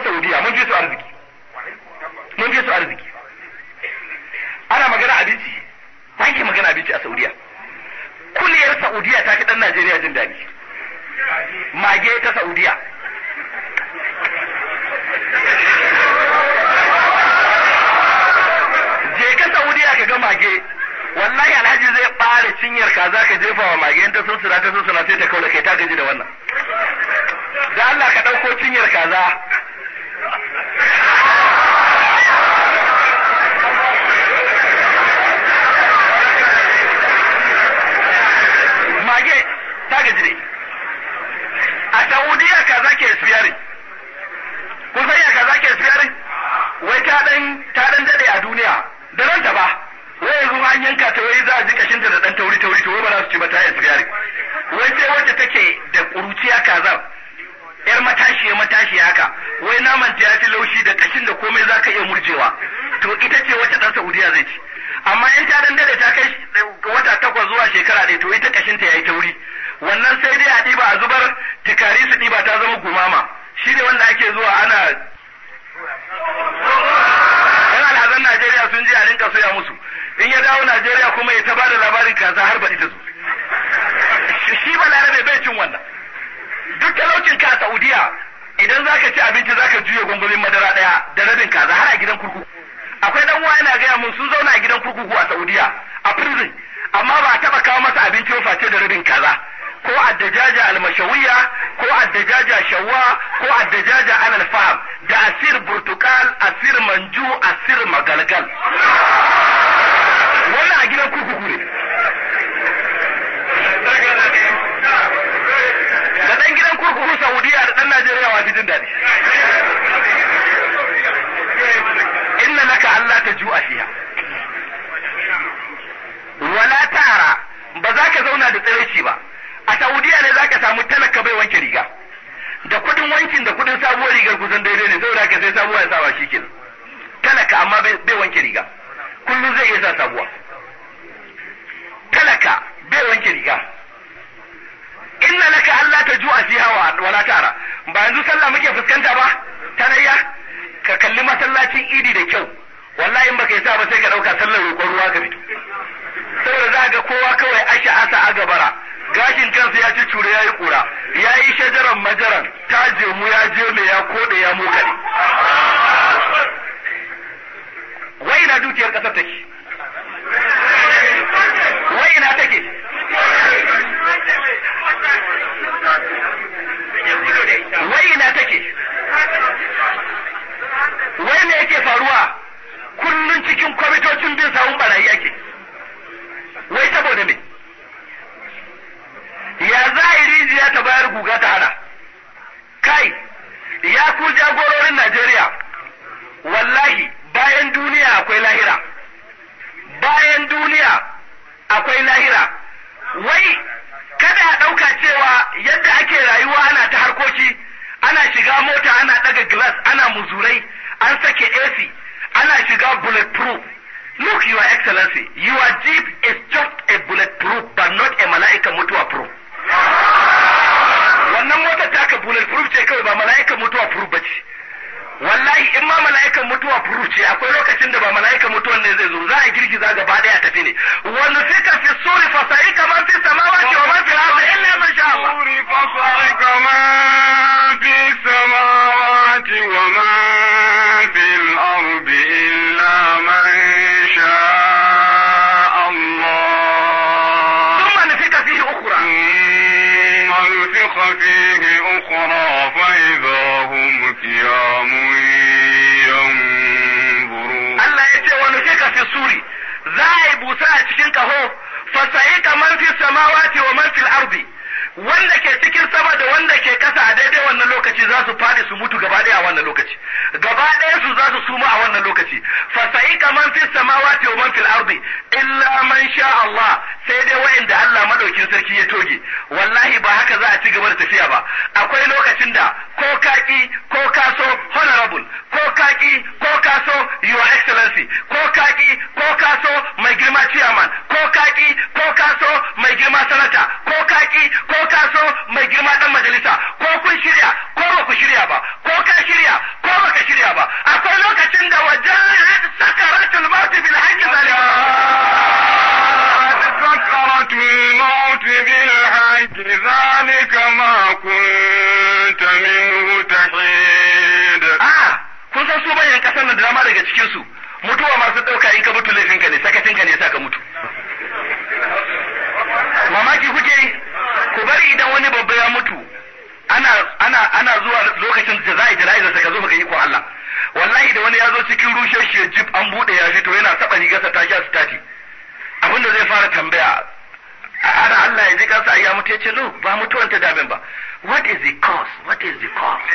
kasar Saudiya mun fi su arziki mun je su arziki ana magana abinci take magana abinci a Saudiya kuliyar Saudiya ta fi dan Najeriya jin daɗi mage ta Saudiya je ka Saudiya ka ga mage wallahi alhaji zai ɓare cinyar kaza ka jefa wa mage ta so sura ta so sura sai ta kaula kai ta gaji da wannan da Allah ka dauko cinyar kaza bayan ta dan a duniya da nan ta ba wai yanzu an yanka ta wai za a ji kashin ta da ɗan tauri tauri to wai ba za su ci ba ta yi sigari wai sai wacce take da ƙuruciya kazar yar matashi ya matashi haka wai naman ta ya fi laushi da kashin da komai za ka iya murjewa to ita ce wacce ɗan saudiya zai ci amma in ta dan ta kai wata takwas zuwa shekara ɗaya to ita kashin ta yi tauri wannan sai dai a ɗiba a zubar tikari su ɗiba ta zama gumama shi ne wanda ake zuwa ana sun ji a rinka soya musu in ya dawo Najeriya kuma ya ta da labarin kaza har baɗi ta zo shi ba larabe bai cin wannan duk talaucin ka a Saudiya idan zaka ci abinci zaka juya gwangwamin madara daya da rabin kaza har a gidan kurkuku akwai dan uwa yana gaya mun sun zauna a gidan kurkuku a Saudiya a prison amma ba a taɓa kawo masa abinci ba face da rabin kaza ko addajaja almashawiya ko addajaja shawwa ko addajaja alal da asir burtukal asir manju asir magalgal wannan a gidan kurkuku ne da dan gidan kurkuku saudiya da dan najeriya wa jin daɗi inna laka allah ta ju'a fiha wala tara ba za ka zauna da tsiraici ba a saudiya ne zaka samu talaka bai wanke riga da kudin wankin da kudin sabuwar rigar kusan daidai ne saboda ka sai sabuwa ya sawa shi kenan talaka amma bai wanke riga kullum zai iya sa sabuwa talaka bai wanke riga inna laka Allah ta ju'a fiha wa wala tara ba yanzu sallah muke fuskanta ba tarayya ka kalli masallacin idi da kyau wallahi in baka yi sa ba sai ka dauka sallar roƙon cure ya yi ƙura ya yi shajaran majaran ta mu ya je mai ya koɗe ya ne. wai na dukiyar ƙasar take wai na take wai na take wai ne yake faruwa kullum cikin kwamitocin bin sawun barayi yake wai saboda me ya za a rijiya ta bayar guga ta hana kai ya ku jagororin Najeriya wallahi bayan duniya akwai lahira bayan duniya akwai lahira wai kada a ɗauka cewa yadda ake rayuwa ana ta harkoki ana shiga mota ana ɗaga glass ana muzurai an sake AC ana shiga bulletproof look your excellency your jeep is just a bulletproof but not a malaika mutuwa proof wannan motar ta ka bulal furuf ce kawai ba mala'ikan mutuwa furuf ba ce wallahi in ma mala'ikan mutuwa furuf ce akwai lokacin da ba mala'ikan mutuwan ne zai zo za a girgiza gaba daya tafi ne wani fika fi suri fa sa'ika man fi samawati wa man fi ardi illa sha suri fi wa ذلك هم فسعيك من في السماوات ومن في الارض wanda ke cikin sama da wanda ke kasa a daidai wannan lokaci za su fadi su mutu gaba a wannan lokaci gaba ɗaya su za su suma a wannan lokaci fa sa'ika man fi samawati wa man fil ardi illa man sha Allah sai dai waɗanda Allah madaukin sarki ya toge wallahi ba haka za a ci gaba da tafiya ba akwai lokacin da ko kaki ko kaso honorable ko kaki ko kaso your excellency ko kaki ko kaso mai girma chairman ko kaki ko kaso mai girma sanata ko kaki ko ka so mai girma dan majalisa ko kun shirya ko ba ku shirya ba ko ka shirya ko ba ka shirya ba akwai lokacin da wajen sakaratul maut bil haqqi zalima sakaratul maut bil haqqi zalika ma kunta minhu tahid ah kun san su bayan kasar na drama daga cikin su mutuwa masu dauka in ka mutu ka ne sakacinka ne ya saka mutu mamaki kuke yi ku bari idan wani babba ya mutu ana ana ana zuwa lokacin da za a yi jana'iza sai ka zo ka yi ko Allah wallahi da wani ya zo cikin rushe shi jib an bude ya to yana taba rigarsa ta sha stati abin da zai fara tambaya ana Allah ya ji kansa ya mutu ya ce no ba mutuwan ta daben ba what is the cause what is the cause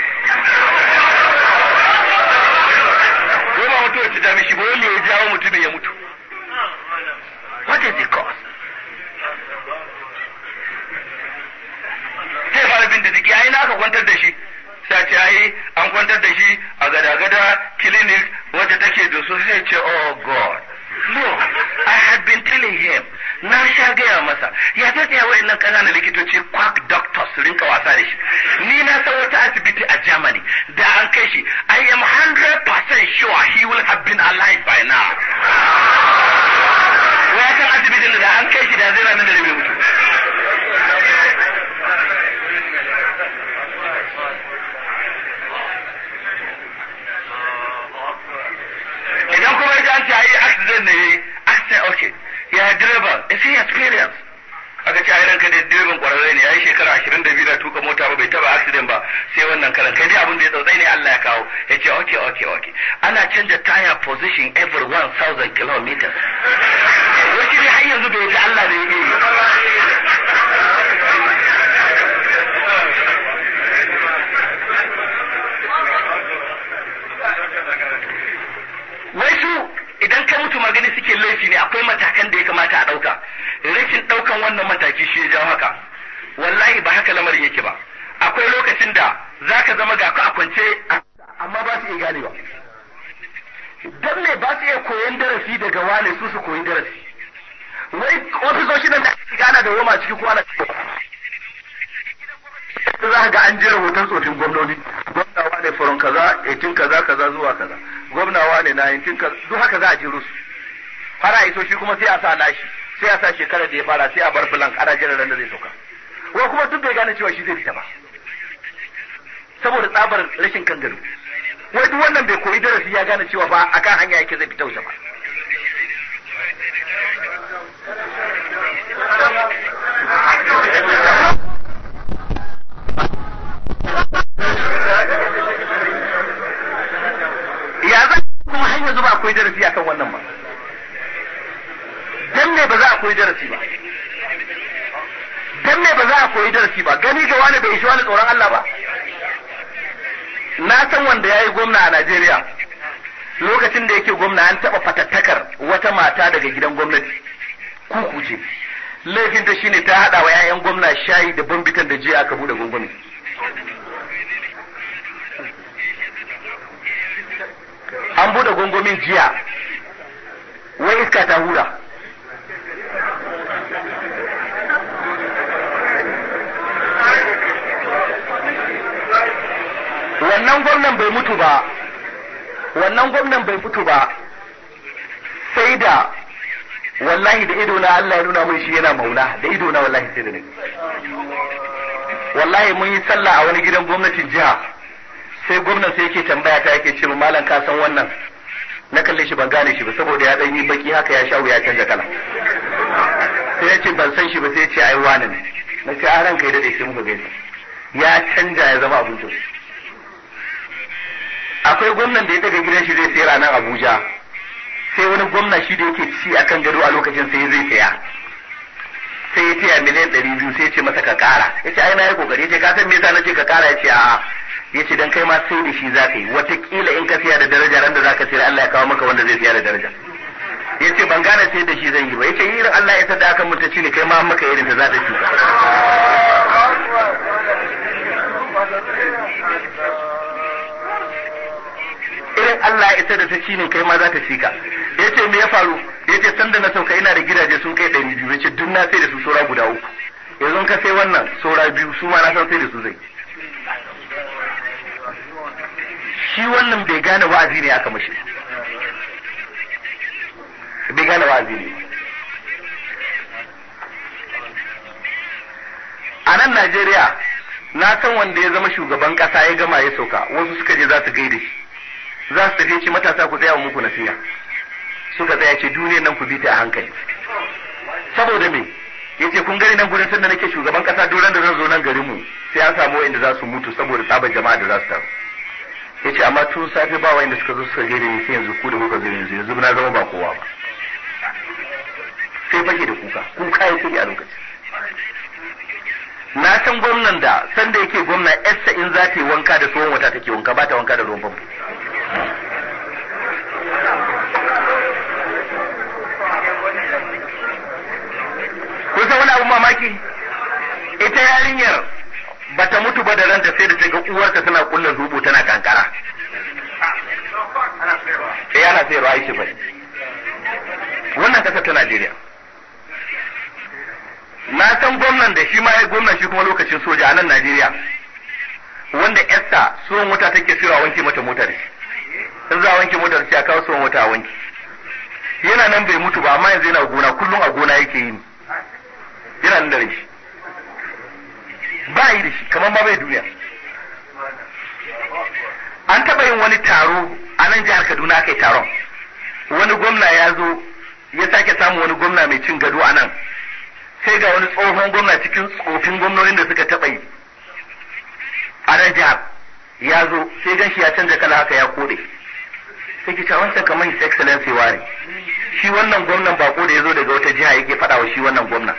ko ba mutuwa ta dame shi ba wani ya jawo mutum ya mutu what is the cause zai fara bin diddigi ai na ka kwantar da shi sai ce ai an kwantar da shi a gada-gada clinic wadda take da su sai ce oh god no i had been telling him na sha gaya masa ya ta tsaya wa'annan ƙananan likitoci quack doctors su rinka wasa da shi ni na san wata asibiti a germany da an kai shi i am 100% sure he will have been alive by now wata asibitin da an kai shi da zai ramin da bai mutu tashi ai accident ne accident okay ya direba is he experience aka ce ai ranka da direban kwararre ne yayi shekara 22 da tuka mota ba bai taba accident ba sai wannan karan kai dai abin da ya tsautsai ne Allah ya kawo ya ce okay okay okay ana canja tire position every 1000 kilometers wace ne har yanzu da ji Allah da yake wai su idan ka mutu magani suke laifi ne akwai matakan da ya kamata a ɗauka rashin ɗaukan wannan mataki shi ya jawo haka wallahi ba haka lamarin yake ba akwai lokacin da za ka zama ga ka a kwance amma ba su iya ganewa don me ba su iya koyon darasi daga wane su su koyi darasi wai ofisoshi nan da ake gana da roma ciki kuma na za ga an jira hoton tsofin gwamnoni gwamna wane furon kaza etin kaza kaza zuwa kaza gwamnawa ne na yankin ka duk haka za a ji rus har a iso shi kuma sai a sa nashi sai a sa shekarar da ya fara sai a bar blank ana jiran ran da zai sauka wa kuma duk bai gane cewa shi zai fita ba saboda tsabar rashin kan gari wai duk wannan bai koyi darasi ya gane cewa ba akan hanya yake zai fita wuce ba har yanzu ba akwai darasi kan wannan ba dan ne ba za a koyi darasi ba dan ne ba za a koyi darasi ba gani ga wani bai shi wani tsoron Allah ba na san wanda ya yi gwamna a Najeriya lokacin da yake gwamna an taɓa fatattakar wata mata daga gidan gwamnati kuku ce laifin ta shine ta hada wa 'ya'yan gwamna shayi da bambitan da jiya aka buɗe gwamnati domin jiya wai iska ta hura wannan gwamnan bai mutu ba wannan gwamnan bai fito ba sai da wallahi da ido na Allah ya nuna mun shi yana maula da ido na wallahi sai da ne wallahi mun yi sallah a wani gidan gwamnatin jiha sai gwamnan sai yake tambaya ta yake ce malam ka san wannan na kalle shi ban gane shi ba saboda ya ɗanyi baki haka ya sha ya canza kala sai ya ce ban san shi ba sai ya ce ai wani ne na ce a ah, ranka ya daɗe shi muka gaisa ya canja ya zama abincin akwai gwamnan da ya daga gidan shi zai sayar a nan Abuja sai wani gwamna shi da yake ci akan gado a lokacin sai zai saya sai ya taya miliyan ɗari biyu sai ya ce masa ka ƙara ya ce ai na yi kokari ya ce ka san me yasa na ce ka ƙara ya ce a'a yace dan kai ma sai da shi zaka yi kila in ka siya da daraja ran da zaka sayar Allah ya kawo maka wanda zai siya da daraja yace ban gane sai da shi zan yi ba yace irin Allah ya sada aka mutaci ne kai ma maka irin ta za ta ci irin Allah ya isa da ta ci ne kai ma za ta yace me ya faru yace sanda na sauka ina da gidaje sun kai ɗari biyu yace duk na sai da su saura guda uku yanzu ka sai wannan saura biyu su ma na san sai da su zai shi wannan bai gane wa'azi ne aka mashi bai gane wa'azi ne a nan Najeriya na san wanda ya zama shugaban kasa ya gama ya sauka wasu suka je za su gaida shi za su tafi shi matasa ku tsaya muku na nasiha suka tsaya ce duniyar nan ku bi ta a hankali saboda me yace kun gani nan gurin da nake shugaban kasa duk da zan zo nan gari mu sai an samu wa'inda za su mutu saboda tsabar jama'a da za su taru yace amma tun safe ba wa'inda suka zo suka gaida da sai yanzu ku da kuka zo yanzu yanzu na zama ba kowa ba sai fashe da kuka kuka kayan kuri a lokacin na san gwamnan da sanda yake gwamna yarsa in za ta yi wanka da tsohon wata take wanka ba ta wanka da ruwan famfo san wani abin mamaki ita yarinyar ta mutu ba da ranta sai da ta ga uwarta tana kulla zubo tana kankara eh ana sayarwa ishe bai wannan kasa ta Najeriya na san gwamnan da shi ma ya gwamnan shi kuma lokacin soja a nan Najeriya wanda esta suwan wuta take sirwa wanke mata motar in za a wanke motar shi a kawo suwan wuta a wanke yana nan bai mutu ba amma yanzu yana gona kullum a gona yake yi yana nan da rai ba yi da shi kamar ma bai duniya an taɓa yin wani taro a nan jihar Kaduna aka yi taron wani gwamna ya zo ya sake samu wani gwamna mai cin gado a nan sai ga wani tsohon gwamna cikin tsofin gwamnonin da suka taɓa yi a nan jihar ya zo sai gan shi ya canza kala haka ya kode sai ki wancan kamar his excellency ware shi wannan gwamnan bako da ya zo daga wata jiha yake faɗa wa shi wannan gwamna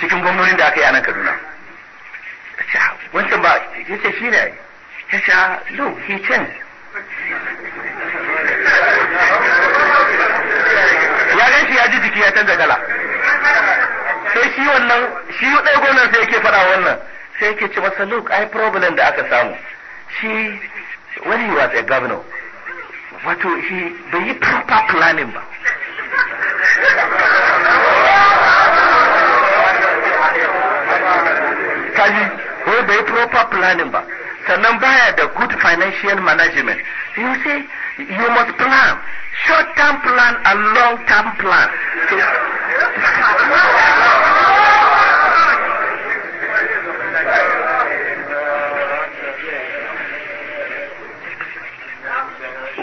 cikin gwamnonin da aka yi a nan Kaduna wancan ba yake shi ne ya sha lo, he changed ya gan shi ya ji jiki ya canza kala sai shi wannan shi ɗaya gwamnan sai yake faɗa wannan sai yake ce masa look ai problem da aka samu shi when he was a governor wato shi bai yi proper planning ba kaji wai bai proper planning ba sannan baya da good financial management you say you must plan short term plan and long term plan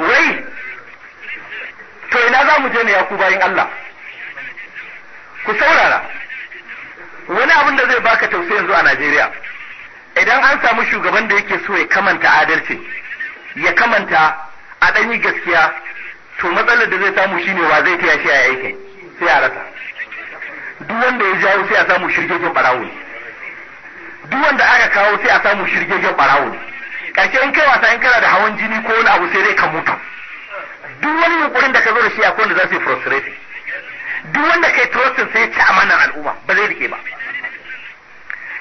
wai to ina za mu je ne ya ku bayin Allah ku saurara wani abin da zai baka tausayi yanzu a Najeriya idan an samu shugaban da yake so ya kamanta adalci ya kamanta a yi gaskiya to matsalar da zai samu shine wa zai taya shi a yake sai a rasa duk wanda ya jawo sai a samu shirgegen barawo duk wanda aka kawo sai a samu shirgegen barawo karshe in kai wasa in kana da hawan jini ko wani abu sai dai ka mutu duk wani yunkurin da ka zo da shi akwai wanda za su yi frustrating duk wanda kai trustin sai ci amanan al'umma ba zai rike ba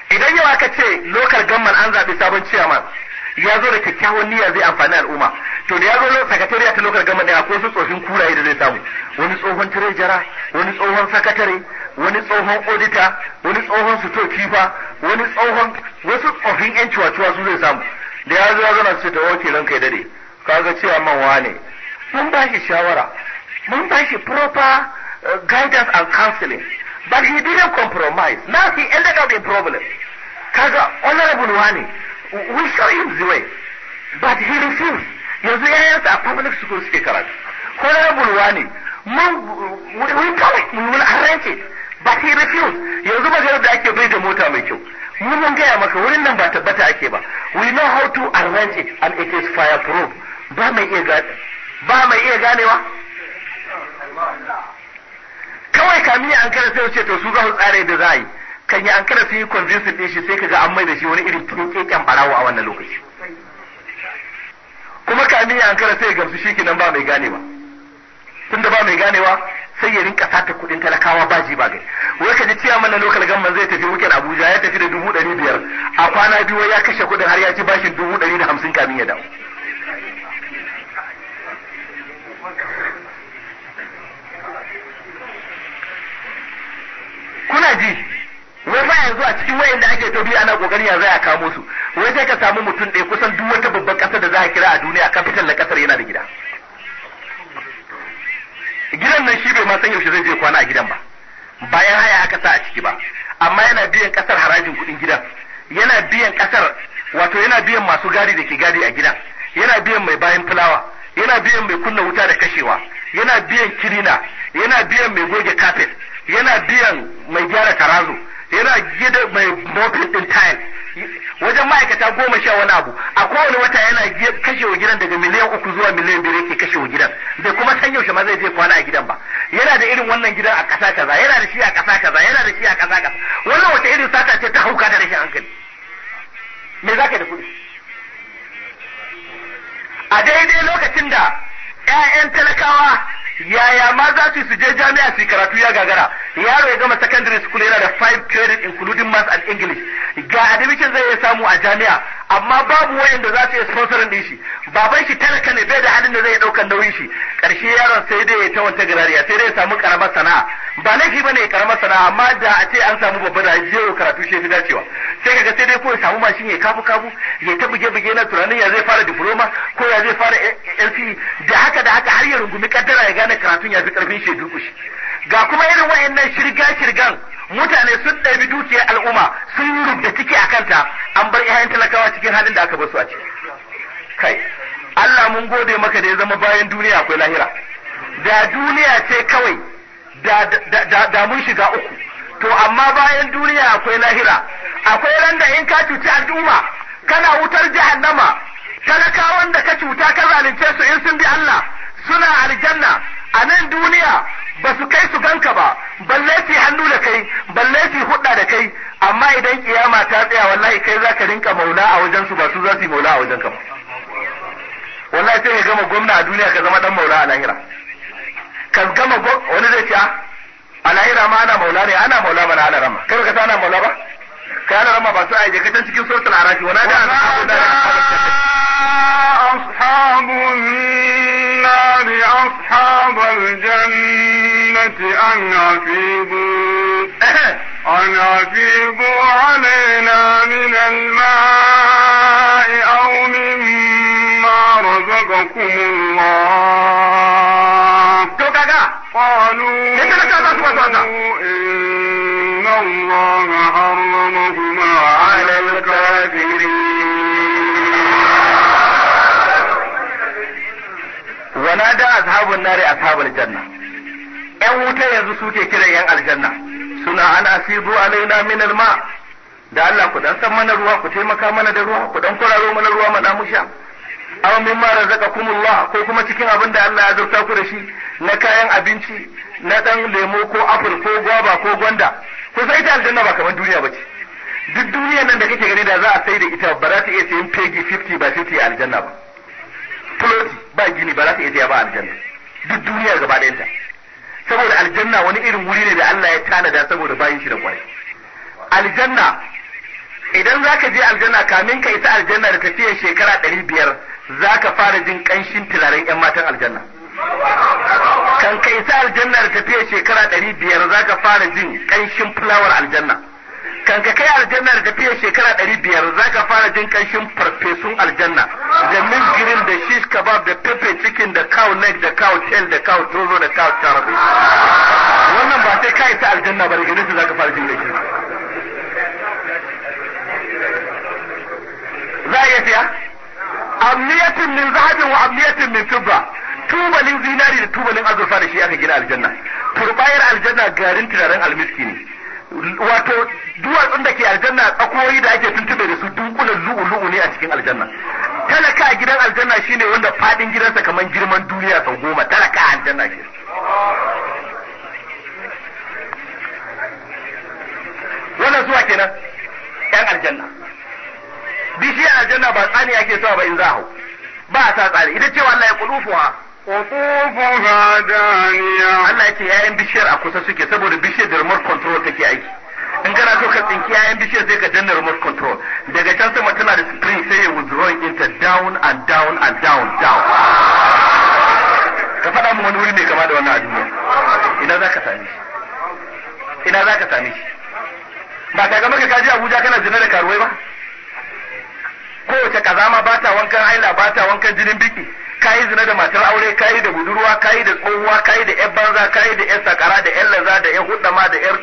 idan yawa aka ce lokal gamman an zaɓi sabon ciyaman ya zo da kyakkyawan niyya zai amfani al'umma to da ya zo sakatariya ta lokal gamman da akwai su tsofin kuraye da zai samu wani tsohon trejara wani tsohon sakatare wani tsohon odita wani tsohon suto kifa wani tsohon wasu tsofin yan ciwaciwa su zai samu da ya zo ya zana su ta ke ranka kai dare kaga cewa man wane mun ba shi shawara mun ba shi proper guidance and counseling. But he didn't compromise. Now he ended up in problem. Kaga Honorable Wani, we show him the way. But he refused. Yanzu ya yansa a public school suke karatu. Honorable Wani, we know it, we will arrange it. But he refused. Yanzu ba da ake bai da mota mai kyau. Mun mun gaya maka wurin nan ba tabbata ake ba. We know how to arrange it and it is fireproof. Ba mai iya ganewa? kawai kamin ya ankara sai ce to su za su tsare da za a yi kan ya ankara sun yi convincing din shi sai ka ga an mai da shi wani irin keken barawo a wannan lokaci kuma kamin ya ankara sai ya gamsu shi kenan ba mai ganewa tunda ba mai ganewa sai ya rinka sata kuɗin talakawa ba ji ba gari wai ka ji ciya mana lokal gamman zai tafi wukin abuja ya tafi da dubu ɗari biyar a kwana biyu ya kashe kuɗin har ya ci bashin dubu ɗari da hamsin kamin ya dawo kuna ji wai ba yanzu a cikin wayan da ake tobi ana kokari ya zaya kamo su wai sai ka samu mutum ɗaya kusan duk wata babban ƙasar da za a kira a duniya kafital na ƙasar yana da gida gidan nan shi bai ma san yaushe zai je kwana a gidan ba bayan haya aka sa a ciki ba amma yana biyan ƙasar harajin kuɗin gidan yana biyan ƙasar wato yana biyan masu gadi da ke gadi a gidan yana biyan mai bayan fulawa yana biyan mai kunna wuta da kashewa yana biyan kirina yana biyan mai goge kafet yana biyan mai gyara tarazo yana gida mai motin din tile wajen ma'aikata goma sha wani abu a kowane wata yana kashe wa gidan daga miliyan uku zuwa miliyan biyar yake kashe wa gidan Da kuma san yaushe ma zai je kwana a gidan ba yana da irin wannan gidan a ƙasa kaza yana da shi a ƙasa kaza yana da shi a ƙasa kaza wannan wata irin sata ce ta hauka da rashin hankali me za ka da kuɗi a daidai lokacin da 'ya'yan talakawa yaya ma za su su je jami'a su karatu ya gagara yaro ya gama secondary school yana da five credit including math and english ga admission zai iya samu a jami'a amma babu wayanda za su iya sponsorin din shi baban shi talaka ne bai da halin da zai daukar nauyin shi karshe yaron sai dai ya ta wata galariya sai dai ya samu karamar sana'a ba laifi bane ya karamar sana'a amma da a ce an samu babban da zai karatu shi fi dacewa sai kaga sai dai ko ya samu mashin ya kafu kafu ya ta buge buge na tunanin ya zai fara diploma ko ya zai fara LCE da haka da haka har ya rungumi kaddara ya gane karatun ya fi karfin shi ga kuma irin wayannan shirga shirgan mutane sun ɗabi dukiyar al'umma sun yi rubda ciki a kanta an bar 'ya'yan talakawa cikin halin da aka bar su a ciki kai Allah mun gode maka da ya zama bayan duniya akwai lahira da duniya ce kawai da, da, da, mun shiga uku to amma bayan duniya akwai lahira akwai ran da in ka cuci al'umma kana wutar jahannama talakawan da ka cuta ka zalunce su in sun bi Allah suna aljanna a nan duniya ba su kai su ganka ba balle su hannu da kai balle su hudda da kai amma idan kiyama ta tsaya wallahi kai za ka rinka maula a wajen su ba su za su yi maula a wajen ka ba wallahi sai ka gama gwamna a duniya ka zama dan maula a lahira ka gama wani zai ce ah, a lahira ma ana maula ne ana maula ba na ana rama kai ka ta ana maula ba kai ana rama ba su a ka can cikin sautul arafi wani da ana ashabun نادى أصحاب الجنة أن أفيضوا أن أفيضوا علينا من الماء أو مما رزقكم الله قالوا إن الله حرمهما على الكافرين da ashabun nari ashabul janna yan wuta yanzu suke kiran yan aljanna suna ana asibu alaina min alma da Allah ku dan san mana ruwa ku taimaka mana da ruwa ku dan kuraro mana ruwa mana musha aw mimma razaqakumullah ko kuma cikin abin da Allah ya zurta ku da shi na kayan abinci na dan lemo ko apple ko gwaba ko gwanda ku sai ita aljanna ba kamar duniya bace duk duniyar nan da kake gani da za a sai da ita ba za ta iya sayin pegi 50 ba 50 aljanna ba fuloti ba gini ba za ta iya tsaya ba aljanna duk duniya gaba ɗayanta saboda aljanna wani irin wuri ne da Allah ya tanada saboda bayin shi da kwai aljanna idan za ka je aljanna kamin ka isa aljanna da tafiya shekara ɗari biyar za ka fara jin ƙanshin turaren 'yan matan aljanna kan ka isa aljanna da tafiya shekara ɗari biyar za ka fara jin ƙanshin fulawar aljanna kan ka kai aljanna da tafiya shekara ɗari biyar za ka fara jin ƙanshin farfesun aljanna da mint green da shish kebab da pepe chicken da cow neck da cow tail da cow trozo da cow charbi wannan ba sai ka ta aljanna ba daga nesa za ka fara jin ƙanshin za a iya siya amniyatin min zahabin wa amniyatin min fibra tubalin zinari da tubalin azurfa da shi aka gina aljanna turbayar aljanna garin turaren almiski ne wato duwatsun da ke aljanna tsakoyi da ake tuntube da su dunkulan lu'u-lu'u ne a cikin aljanna talaka a gidan aljanna shine wanda fadin gidansa kamar girman duniya sau goma talaka a aljanna ke wannan zuwa kenan yan aljanna bishiyar aljanna ba tsani ake sawa ba in za hau ba a sa tsari ita cewa Allah ya kudufuwa Kutufuha daniya. Allah ya ce ‘ya'yan bishiyar a kusa suke saboda bishiyar da remote control take aiki. In kana so ka tsinki ‘ya'yan bishiyar sai ka danna remote control. Daga can sama tana da spring sai ya withdrawing inta down and down and down down. Ka faɗa mu wani wuri mai kama da wannan addu'a. Ina za ka same shi? Ina za ka same shi? Ba ka ga maka kaji Abuja kana zina da karuwai ba? Kowace kazama ba ta wankan haila ba ta wankan jinin biki. kayi zina da matar aure kayi da budurwa kayi da tsohuwa kayi da yan banza kayi da yan sakara da yan laza da yan ma da yan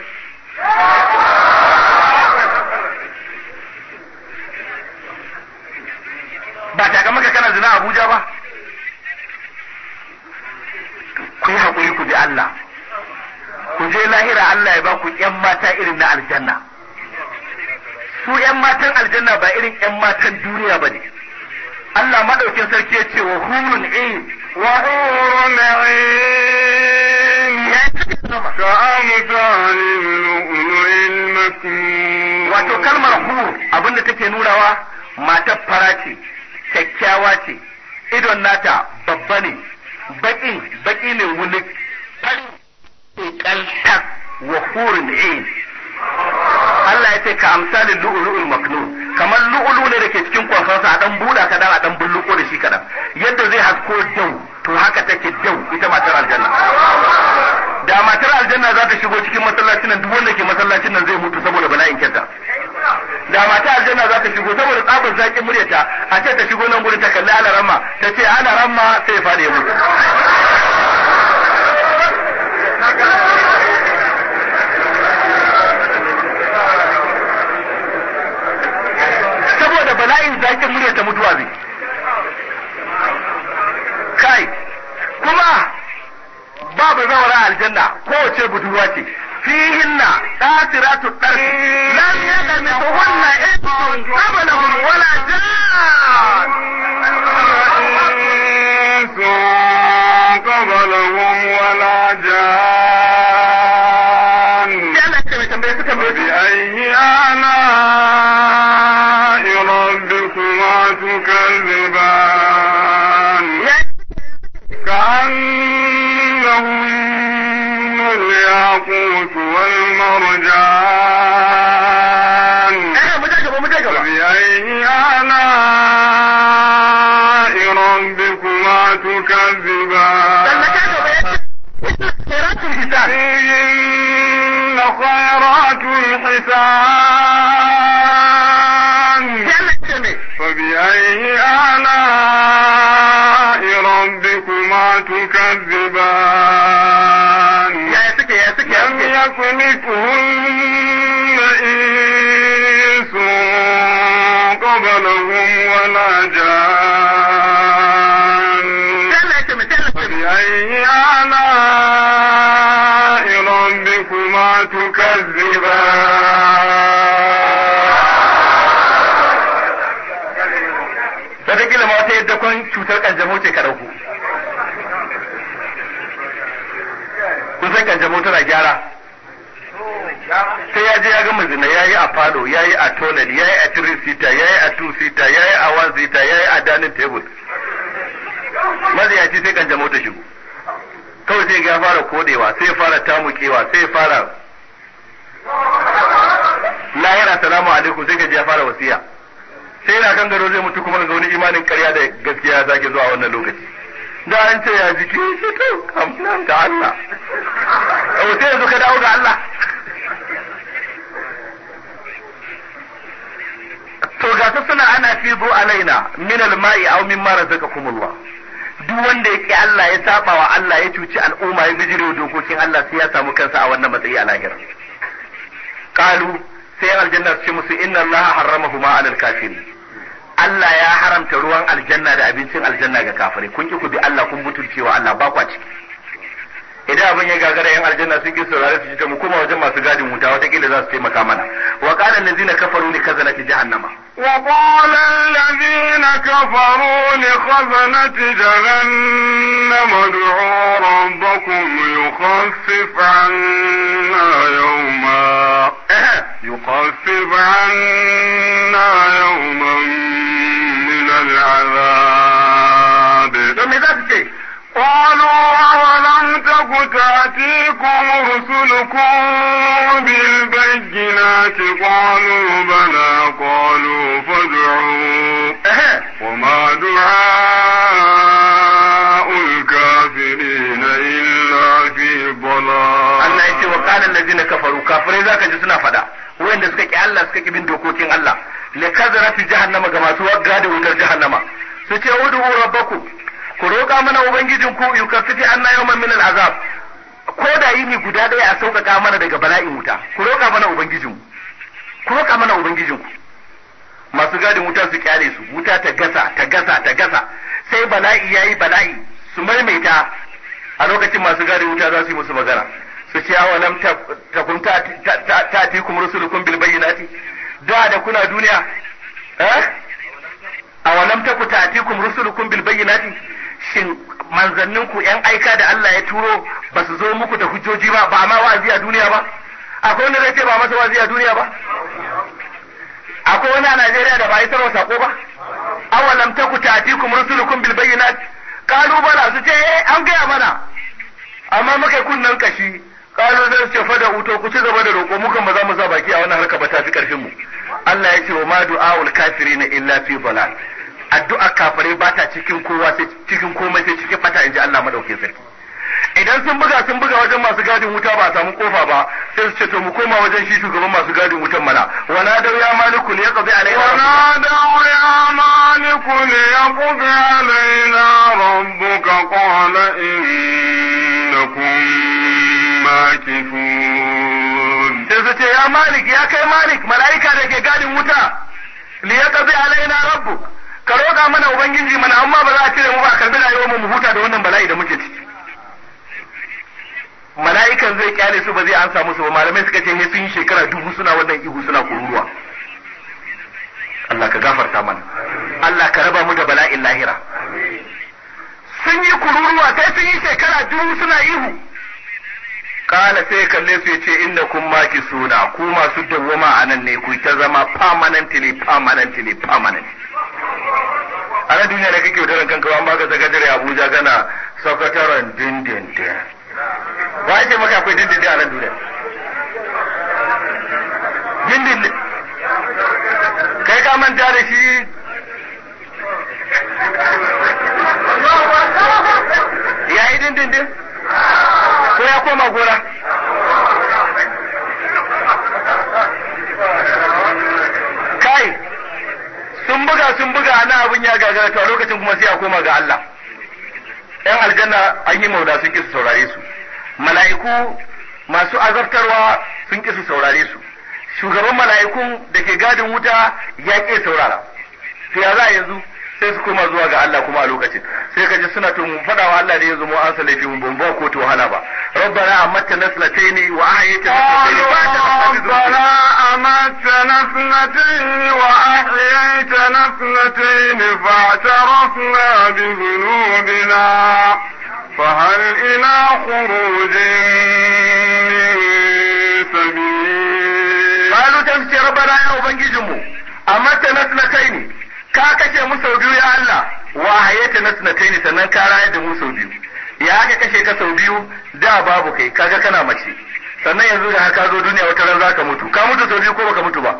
ba ta ga maka kana zina Abuja ba ku yi haƙuri ku bi Allah ku je lahira Allah ya ba ku ƴan mata irin na aljanna su ƴan matan aljanna ba irin ƴan matan duniya ba ne Allah madaukin sarki ya ce wa hurun in wa hurun in wato kalmar hur abinda take nurawa matar fara ce kyakkyawa ce idon nata babba ne baki baki ne wuli fari wa hurun in Allah ya ce ka amsalin lu'ulu'ul maknun kamar lu'ulu ne da ke cikin kwansansa a dan buɗa ka dan a dan bulluko da shi kaɗan yadda zai hasko dau to haka take dau ita matar aljanna da matar aljanna za ta shigo cikin masallacin nan duk wanda ke masallacin nan zai mutu saboda bala'in kyanta da mata aljanna za ta shigo saboda tsabar zaƙin muryarta a ce ta shigo nan gurin ta kalli ala ramma ta ce ala ramma sai ya faɗi ya mutu bala'in zakin murya ta mutuwa ne. kai kuma babu zawara aljanna kowace budurwa ce فيهن qatiratu darfi لم yadmituhunna insun قبلهم ولا كأنهن الياقوت والمرجان إيه، فبأي آلاء ربكما تكذبان خيرات الحسان فبأي آلاء ربكما تكذبان لم يكن مثلهن إنس قبلهم ولا جان فبأي آلاء ربكما تكذبان ruwan cutar kanjamau ce ka dauko kun san kanjamau tana gyara sai ya je ya ga mazina ya yi a falo ya yi a toilet ya yi a three sita ya yi a two sita ya yi a wanzita ya yi a dining table maziyaci sai kanjamau ta shigo kawai sai ya fara kodewa sai ya fara tamukewa sai ya fara lahira salamu alaikum sai ka ji ya fara wasiya sai yana kan gado zai mutu kuma ga wani imanin karya da gaskiya ya zage zuwa wannan lokaci da an ce ya ke shi to amnan ga Allah o sai yanzu ka dawo ga Allah to ga ta suna ana fibu alaina min alma'i aw mimma razaqakumullah duk wanda yake Allah ya saba wa Allah ya cuci al'umma ya bijire dokokin Allah sai ya samu kansa a wannan matsayi a lahira qalu sai aljanna su ce musu inna allaha ma alal kafiri Allah ya haramta ruwan aljanna da abincin aljanna ga kafirai kun ki ku bi Allah kun mutuncewa Allah ba kwa ciki idan abin ya gagara yan aljanna sun ki saurare su ce mu koma wajen masu gadin wuta watakila za su taimaka mana wa qala allazina kafaru li khazanati jahannama wa qala allazina kafaru li khazanati jahannama ud'u rabbakum yukhaffif 'anna yawma يخفف عنا يوما من العذاب. قالوا أولم تك تأتيكم رسلكم بالبينات قالوا بلى قالوا فادعوا وما دعاء الكافرين إلا في ضلال الله يتي وقال الذين كفروا كافرين ذاك جسنا فدا وين suka ki سكك suka ki bin dokokin Allah li kadrati jahannama ga جهنم wagga ربكم ku roƙa mana ubangijin ku an na yawman min azab. ko da yi ni guda ɗaya a sauƙaƙa mana daga bala'in wuta ku roƙa mana ubangijin ku roƙa mana ubangijin ku masu gadin wuta su kyale su wuta ta gasa ta gasa ta gasa sai bala'i ya yi bala'i su maimaita a lokacin masu gadin wuta za su yi musu magana su ce awa lam takun ta'tikum rusulukum bil ce? da da kuna duniya eh awa lam takun ta'tikum rusulukum na ce? shin manzannin ku yan aika da Allah ya turo ba su zo muku da hujjoji ba ba ma wa'azi a duniya ba akwai wanda zai ce ba masa wa'azi a duniya ba akwai wani a Najeriya da ba yi sarwa sako ba awalam taku ku rusulukum bil bayyinat qalu bala su ce eh an gaya mana amma muka kunnan kashi qalu zai ce fa da uto ku ci gaba da roƙo Muka ba za mu sa baki a wannan harka ba ta fi karfin mu Allah ya ce wa ma ul kafirina illa fi balal addu'a kafare ba ta cikin kowa sai cikin komai sai cikin fata inji Allah madaukakin sarki idan sun buga sun buga wajen masu gadin wuta ba a samu kofa ba sai su ce to mu koma wajen shi shugaban masu gadin wutan mana wana da ya maliku ne ya kaza alaina wala da ya maliku ne ya kaza alaina rabbuka qala innakum makifun sai su ce ya malik ya kai malik malaika da ke gadin wuta li ya kaza alaina rabbuka ka roƙa mana ubangiji mana amma ba za a cire mu ba a karbi rayuwar mu huta da wannan bala'i da muke ciki mala'ikan zai kyale su ba zai ansa musu ba malamai suka ce sun yi shekara dubu suna wannan ihu suna kururuwa Allah ka gafarta mana Allah ka raba mu da bala'in lahira sun yi kururuwa sai sun yi shekara dubu suna ihu kala sai kalle su yace inda kun maki suna ku masu dawwama anan ne ku ta zama permanently permanently permanently a nan duniya ne kake wutar kanka an baka sakatare abuja gana sakataren dindindin ba ake maka akwai dindindin a nan duniya dindindin kai ka manta da shi ya yi dindindin ko ya koma gora kai sun buga sun buga na abin ya gagara to lokacin kuma sai a koma ga Allah yan aljanna an yi mauda sun kisa saurare su mala'iku masu azabtarwa sun kisa saurare su shugaban mala'ikun da ke gadin wuta ya ke saurara to ya za yanzu sai su koma zuwa ga Allah kuma a lokacin sai ka ji suna to mun faɗa wa Allah da ya zama an salafi mun ban ba ko to wahala ba rabbana amatta naslataini wa ahyaytana naslataini rabbana amatta naslataini wa ahyaytana naslataini fa'tarafna bi dhunubina فهل إلى خروج من سبيل قالوا تمشي ربنا يا أبنجي جمو أمتنا اثنتين ka kashe mu sau biyu ya Allah wa hayata nasnataini sannan ka raye da mu sau biyu ya aka kashe ka sau biyu da babu kai kaga kana mace sannan yanzu da haka zo duniya wata ran zaka mutu ka mutu sau biyu ko baka mutu ba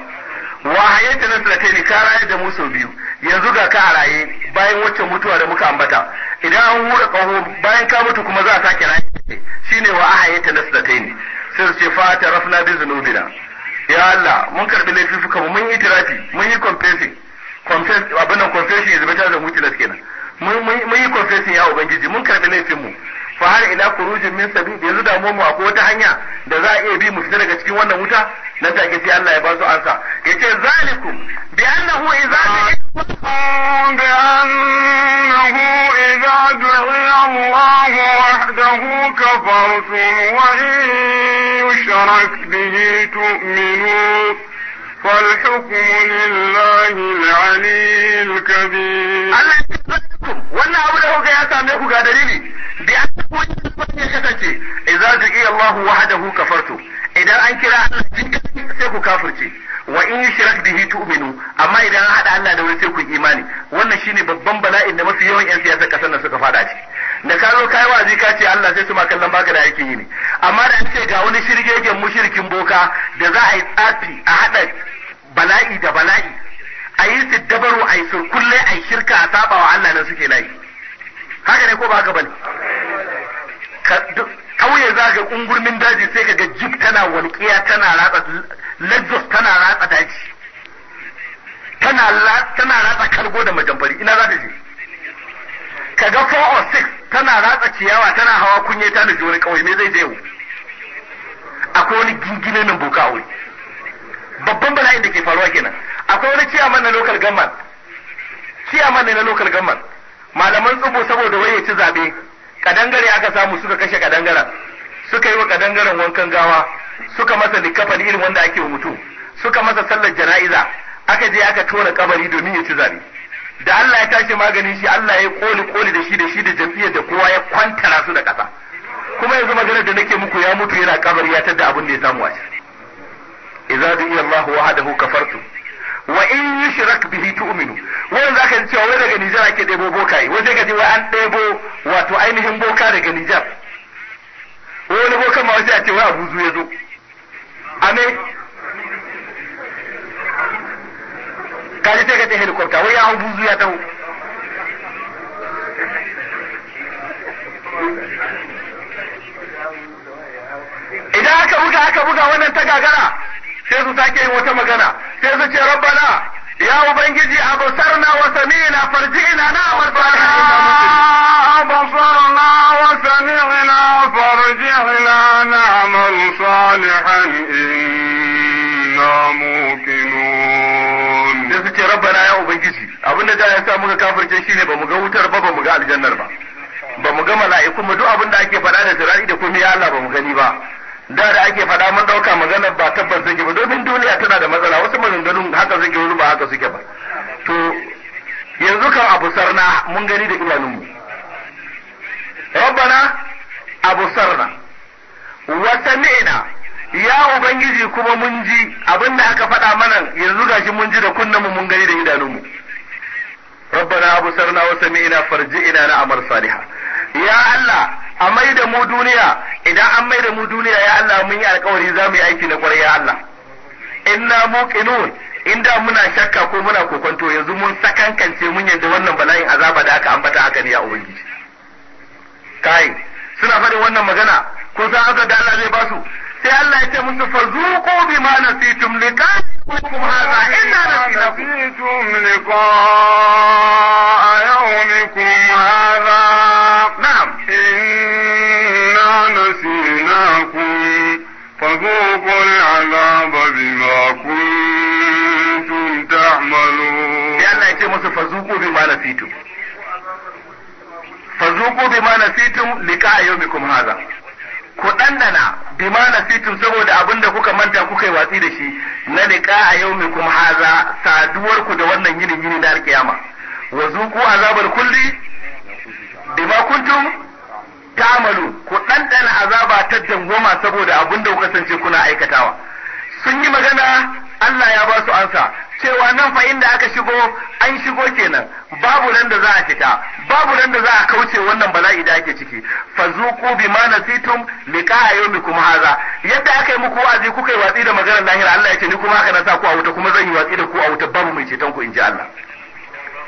wa hayata nasnataini ka raye da mu sau biyu yanzu ga ka raye bayan wacce mutuwa da muka ambata idan an hura kaho bayan ka mutu kuma za a sake raye shine wa hayata nasnataini sai su ce fa rafna bi zunubina ya Allah mun karbi laifuka mun yi tirafi mun yi confessing abinnan abin nan confession is better na witness kenan mun yi confession ya ubangiji mun karɓi laifin mu fa har ila khurujin min da yanzu da mu akwai wata hanya da za a iya bi mu fita daga cikin wannan wuta ta take sai Allah ya ba su ansa yace zalikum bi annahu idza bi annahu idza Allah wahdahu kafartum wa in yushrak bihi tu'minu فالحكم لله العلي الكبير wannan abu da kuka ya same ku ga dalili bi an kun ya kasance idza du'i Allah wahdahu kafartu idan an kira Allah shi sai ku kafirce wa in da bihi tu'minu amma idan an hada Allah da wani sai ku imani wannan shine babban bala'in da mafi yawan yan siyasar kasar nan suka fada ciki da ka zo kai wazi ka ce Allah sai su ma kallon baka da aikin yi ne amma da ce ga wani shirgegen mushrikin boka da za a yi tsafi a hada bala'i da bala'i a yi siddabaru a yi kulle a yi shirka a saba wa Allah nan suke layi haka ne ko ba haka bane kauye za ka kungurmin daji sai ka ga jib tana walƙiya tana ratsa lagos tana ratsa daji tana ratsa kargo da majambari ina za ta je ka ga 4 or tana ratsa ciyawa tana hawa kunye ta nufi wani kawai me zai je akwai wani gingine nan boka wuri babban bala'in da ke faruwa kenan akwai wani ciyaman na lokal gamman ciyaman ne na lokal gamman malaman tsubo saboda waye ci zabe kadangare aka samu suka kashe kadangaren suka yi wa kadangaren wankan gawa suka masa likafani irin wanda ake wa mutum suka masa sallar jana'iza aka je aka tona kabari domin ya ci zabe da Allah ya tashi maganin shi Allah ya koli koli da shi da shi da jami'a da kowa ya kwantara su da kasa kuma yanzu maganar da nake muku ya mutu yana kabari ya tadda abin da ya samu a ciki idza du'iya Allah wahdahu kafartu wa in yushrak bihi tu'minu wannan zaka ji cewa wai daga Nijar ake ɗebo boka wai daga ji wai an ɗebo wato ainihin boka daga Nijar wani bokan ma wasu a ce wai Abuzu ya zo kaji sai ka ce helicopter wai ya hau zuya ta idan aka buga aka buga wannan ta gagara sai su sake yin wata magana sai su ce rabbana ya ubangiji abusarna wa sami'na farji'na na'mal salihan abasarna wa sami'na farji'na na'mal salihan ubangiji abin da ya sa muka kafirce shine ba mu ga wutar ba ba mu ga aljannar ba ba mu ga mala'iku mu duk abin da ake faɗa da turari da komai Allah ba mu gani ba da da ake faɗa mun ɗauka maganar ba tabbas zage ba domin duniya tana da matsala wasu maganganun haka zage wani ba haka suke ba to yanzu kan abu sarna mun gani da idanunmu rabbana abu sarna wa sami'na ya ubangiji kuma mun ji abin da aka faɗa mana yanzu gashi mun ji da mu mun gani da idanunmu rabbana abusarna wa sami'na farji'na na amal saliha ya Allah a mai da mu duniya idan an mai mu duniya ya Allah mun yi alkawari za mu yi aiki na kwarai ya Allah inna muqinun inda muna shakka ko muna kokonto yanzu mun sakankance mun yadda wannan bala'in azaba da aka ambata haka ne ya ubangiji kai suna faɗin wannan magana ko san aka da Allah zai basu sai Allah ya ce musu farzuqu bima nasitum liqa'akum hadha inna nasinakum liqa'a yawmikum hadha na'am inna nasinakum fadhuqu al'adaba bima kuntum ta'malun sai Allah ya ce musu farzuqu bima nasitum farzuqu bima nasitum liqa'a yawmikum hadha ku ɗanɗana bima nasitum saboda abin da kuka manta kuka yi watsi da shi na liqa a yau mai kuma haza saduwar ku da wannan yini yini na alkiyama wa zuku azabar kulli bima kuntum ta'malu ku ɗanɗana azaba ta dangoma saboda abin da kuka sance kuna aikatawa sun yi magana Allah ya ba su ansa cewa nan fa inda aka shigo an shigo kenan babu nan da za a fita babu nan da za a kauce wannan bala'i da ake ciki fazuqu bima nasitum liqa'a yawmikum haza yadda aka yi muku wa'azi kuka yi watsi da maganar lahira Allah ya ce ni kuma haka na sa ku a wuta kuma zan yi watsi da ku a wuta babu mai ceton ku inji Allah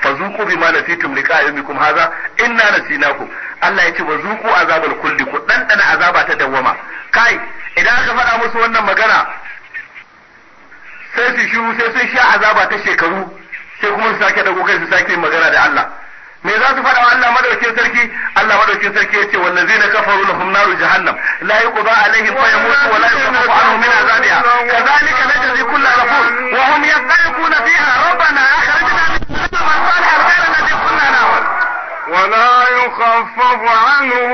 fazuqu bima nasitum liqa'a yawmikum haza inna nasinakum Allah ya ce wazuqu azabal kulli ku dan azaba ta dawwama kai idan aka faɗa musu wannan magana sai su shiru sai sun sha azaba ta shekaru sai kuma su sake dago kai su sake magana da Allah me za su faɗa wa Allah madaukin sarki Allah madaukin sarki yace wallazina kafaru lahum naru jahannam la yuqda alaihim fa yamutu wa la yukhaffafu anhum min azabiha kadhalika najzi kull rafur wa hum yastaquna fiha rabbana akhrijna min azabil salih ghayra alladhi kunna na'mal ولا يخفف عنهم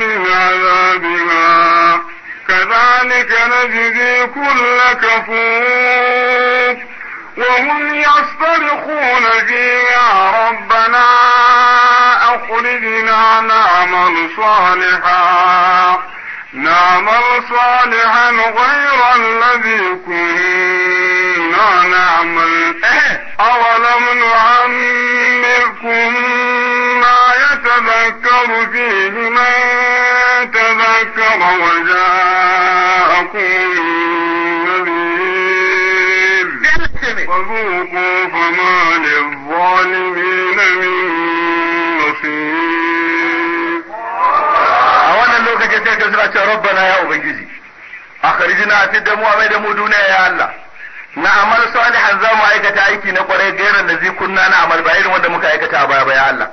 من عذابها كذلك نجزي كل كفور وهم يصطرخون فيها ربنا أخرجنا نعمل صالحا نعمل صالحا غير الذي كنا نعمل أولم نعمركم ما يتذكر فيه من ya ubangiji fi fidda mu amai da mu duniya ya Allah na amal salihan za mu aikata aiki na kwarai gairan da zai kunna na amal ba irin wanda muka aikata a baya ba ya Allah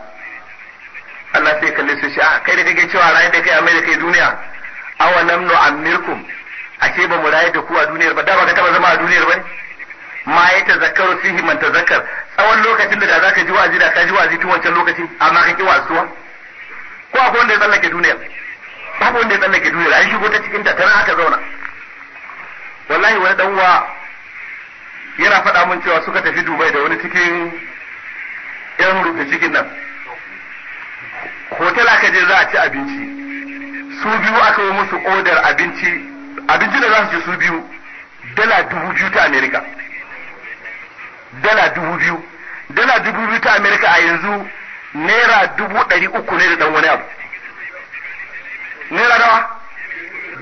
Allah sai kalle su shi a kai da kake cewa rayu da kai mai da kai duniya amirkum, a ce ba mu rayu da ku a duniyar ba da ba ka taba zama a duniyar ba ne ma ya tazakkaru fihi man Zakar tsawon lokacin da za ka ji wa'azi da ka ji wa'azi tun wancan lokacin amma ka ki wasuwa ko akwai wanda ya tsallake duniyar babu wanda ya tsallake duniya an shigo ta cikin ta tana aka zauna wallahi wani dan uwa yana faɗa mun cewa suka tafi Dubai da wani cikin yan rufe cikin nan hotel aka je za a ci abinci su biyu aka yi musu odar abinci abinci da za su ci su biyu dala dubu biyu ta Amerika dala dubu biyu dala dubu biyu ta Amerika a yanzu naira dubu ɗari uku ne da ɗan wani abu naira nawa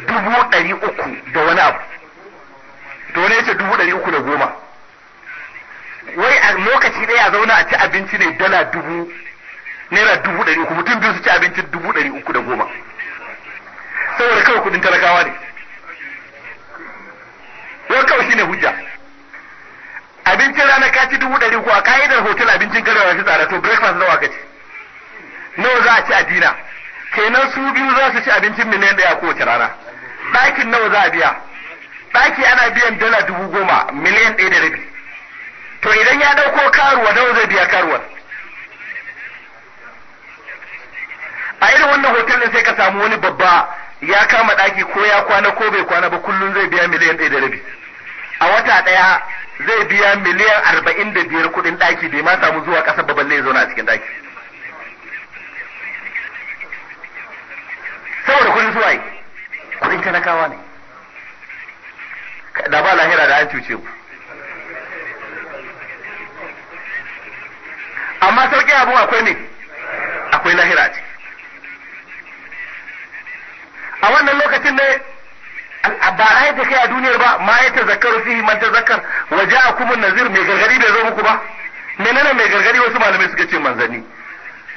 dubu ɗari uku da wani abu to ne ce dubu ɗari uku da goma wai a lokaci ɗaya a zauna a ci abinci ne dala dubu naira dubu ɗari uku mutum biyu su ci abinci dubu ɗari uku da goma saboda kawai kudin talakawa ne wai kawai shine hujja abincin rana ka ci dubu ɗari uku a ka'idar hotel abincin kare fi tsada to breakfast nawa ka ci nawa za a ci a dina kenan su biyu za su ci abincin miliyan ɗaya kowace rana ɗakin nawa za a biya ɗaki ana biyan dala dubu goma miliyan ɗaya da rabi to idan ya ɗauko karuwa nawa zai biya karuwar a irin wannan hotel ɗin sai ka samu wani babba ya kama ɗaki ko ya kwana ko bai kwana ba kullum zai biya miliyan ɗaya da rabi a wata ɗaya zai biya miliyan arba'in da biyar kuɗin ɗaki bai ma samu zuwa ƙasa ba balle ya zauna a cikin ɗaki saboda kudin suwaye kudin talakawa ne da ba lahira da an cuce ku amma sarki abu akwai ne akwai lahira ce a wannan lokacin ne ba a yi kai a duniyar ba ma ya ta zakar fi man ta zakar waje a kuma nazir mai gargadi bai zo muku ba menene mai gargadi wasu malamai suka ce manzanni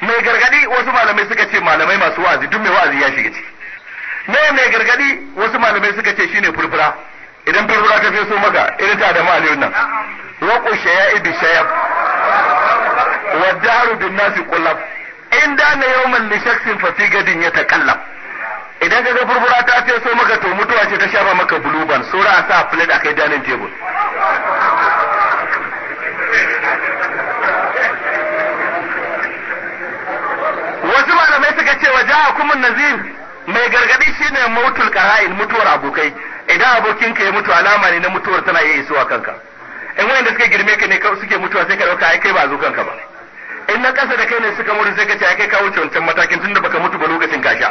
mai gargadi wasu malamai suka ce malamai masu wa'azi duk mai wa'azi ya shiga ciki me mai gargadi wasu malamai suka ce shine furfura idan furfura ta so maka irin ta da maliyun nan wa qushaya ibi shayab wa daru bin nasi qullab in da na yawman li shakhsin fa fi gadin yataqallab idan ka ga furfura ta so maka to mutuwa ce ta shafa maka buluban sura sa a akai danin tebur. ce wa ja'akum kuma nazir mai gargadi shine mautul qara'in mutuwar abokai idan abokin ka ya mutu alama ne na mutuwar tana yayi isuwa kanka in wanda suka girme ka ne suke mutuwa sai ka dauka ai kai ba zo kanka ba in na kasa da kai ne suka mutu sai ka ce ai kai ka wuce wancan matakin tunda baka mutu ba lokacin ka sha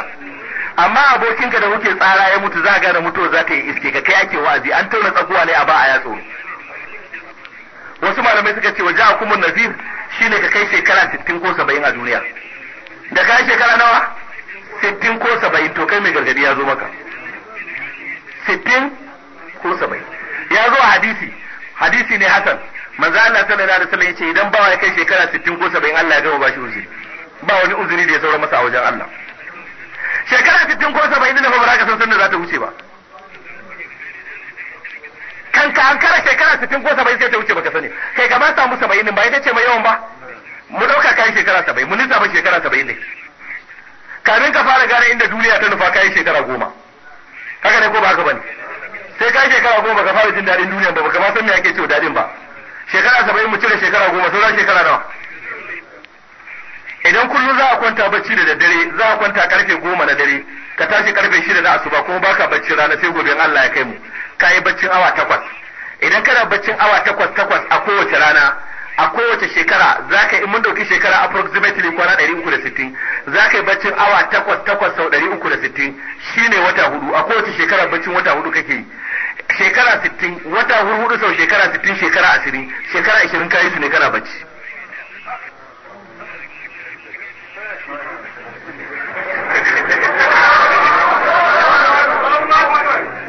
amma abokinka da kuke tsara ya mutu za ga da mutuwa za ta yi iske ka kai ake wa'azi an tauna tsakuwa ne a ba a yatsu wasu malamai suka ce wa ja'akum kuma nazir shine ka kai shekara 60 ko 70 a duniya da ka shekara nawa sittin ko saba'in to kai mai gargadi ya zo maka sittin ko saba'in ya zo a hadisi hadisi ne hasan manzo Allah sallallahu alaihi wasallam yace idan bawa ya kai shekara sittin ko saba'in Allah ya gama bashi uzuri ba wani uzuri da ya saura masa a wajen Allah shekara sittin ko saba'in da ba za ka san sanda za ta wuce ba kanka an kara shekara sittin ko saba'in sai ta wuce baka sani kai kamar samu saba'in ba ita ce mai yawan ba mu ɗauka kayan shekara saba'in mu lissafa shekara saba'in ne kamin ka fara gane inda duniya ta nufa kayan shekara goma haka ne ko ba haka bane sai kayan shekara goma ka fara jin daɗin duniya ba baka ma san me ake cewa daɗin ba shekara saba'in mu cire shekara goma sauran shekara nawa idan kullum za a kwanta bacci da daddare za a kwanta karfe goma na dare ka tashi karfe shida na asuba kuma baka bacci rana sai gobe Allah ya kai mu ka yi baccin awa takwas idan kana baccin awa takwas takwas a kowace rana a kowace shekara za ka yi mun dauki shekara approximately kwana sittin za ka yi baccin awa takwas takwas sau uku da sittin, shi ne wata hudu a kowace shekara baccin wata hudu kake yi shekara sittin, wata hudu sau shekara sittin, shekara ashirin shekara 20 kayi su ne kana bacci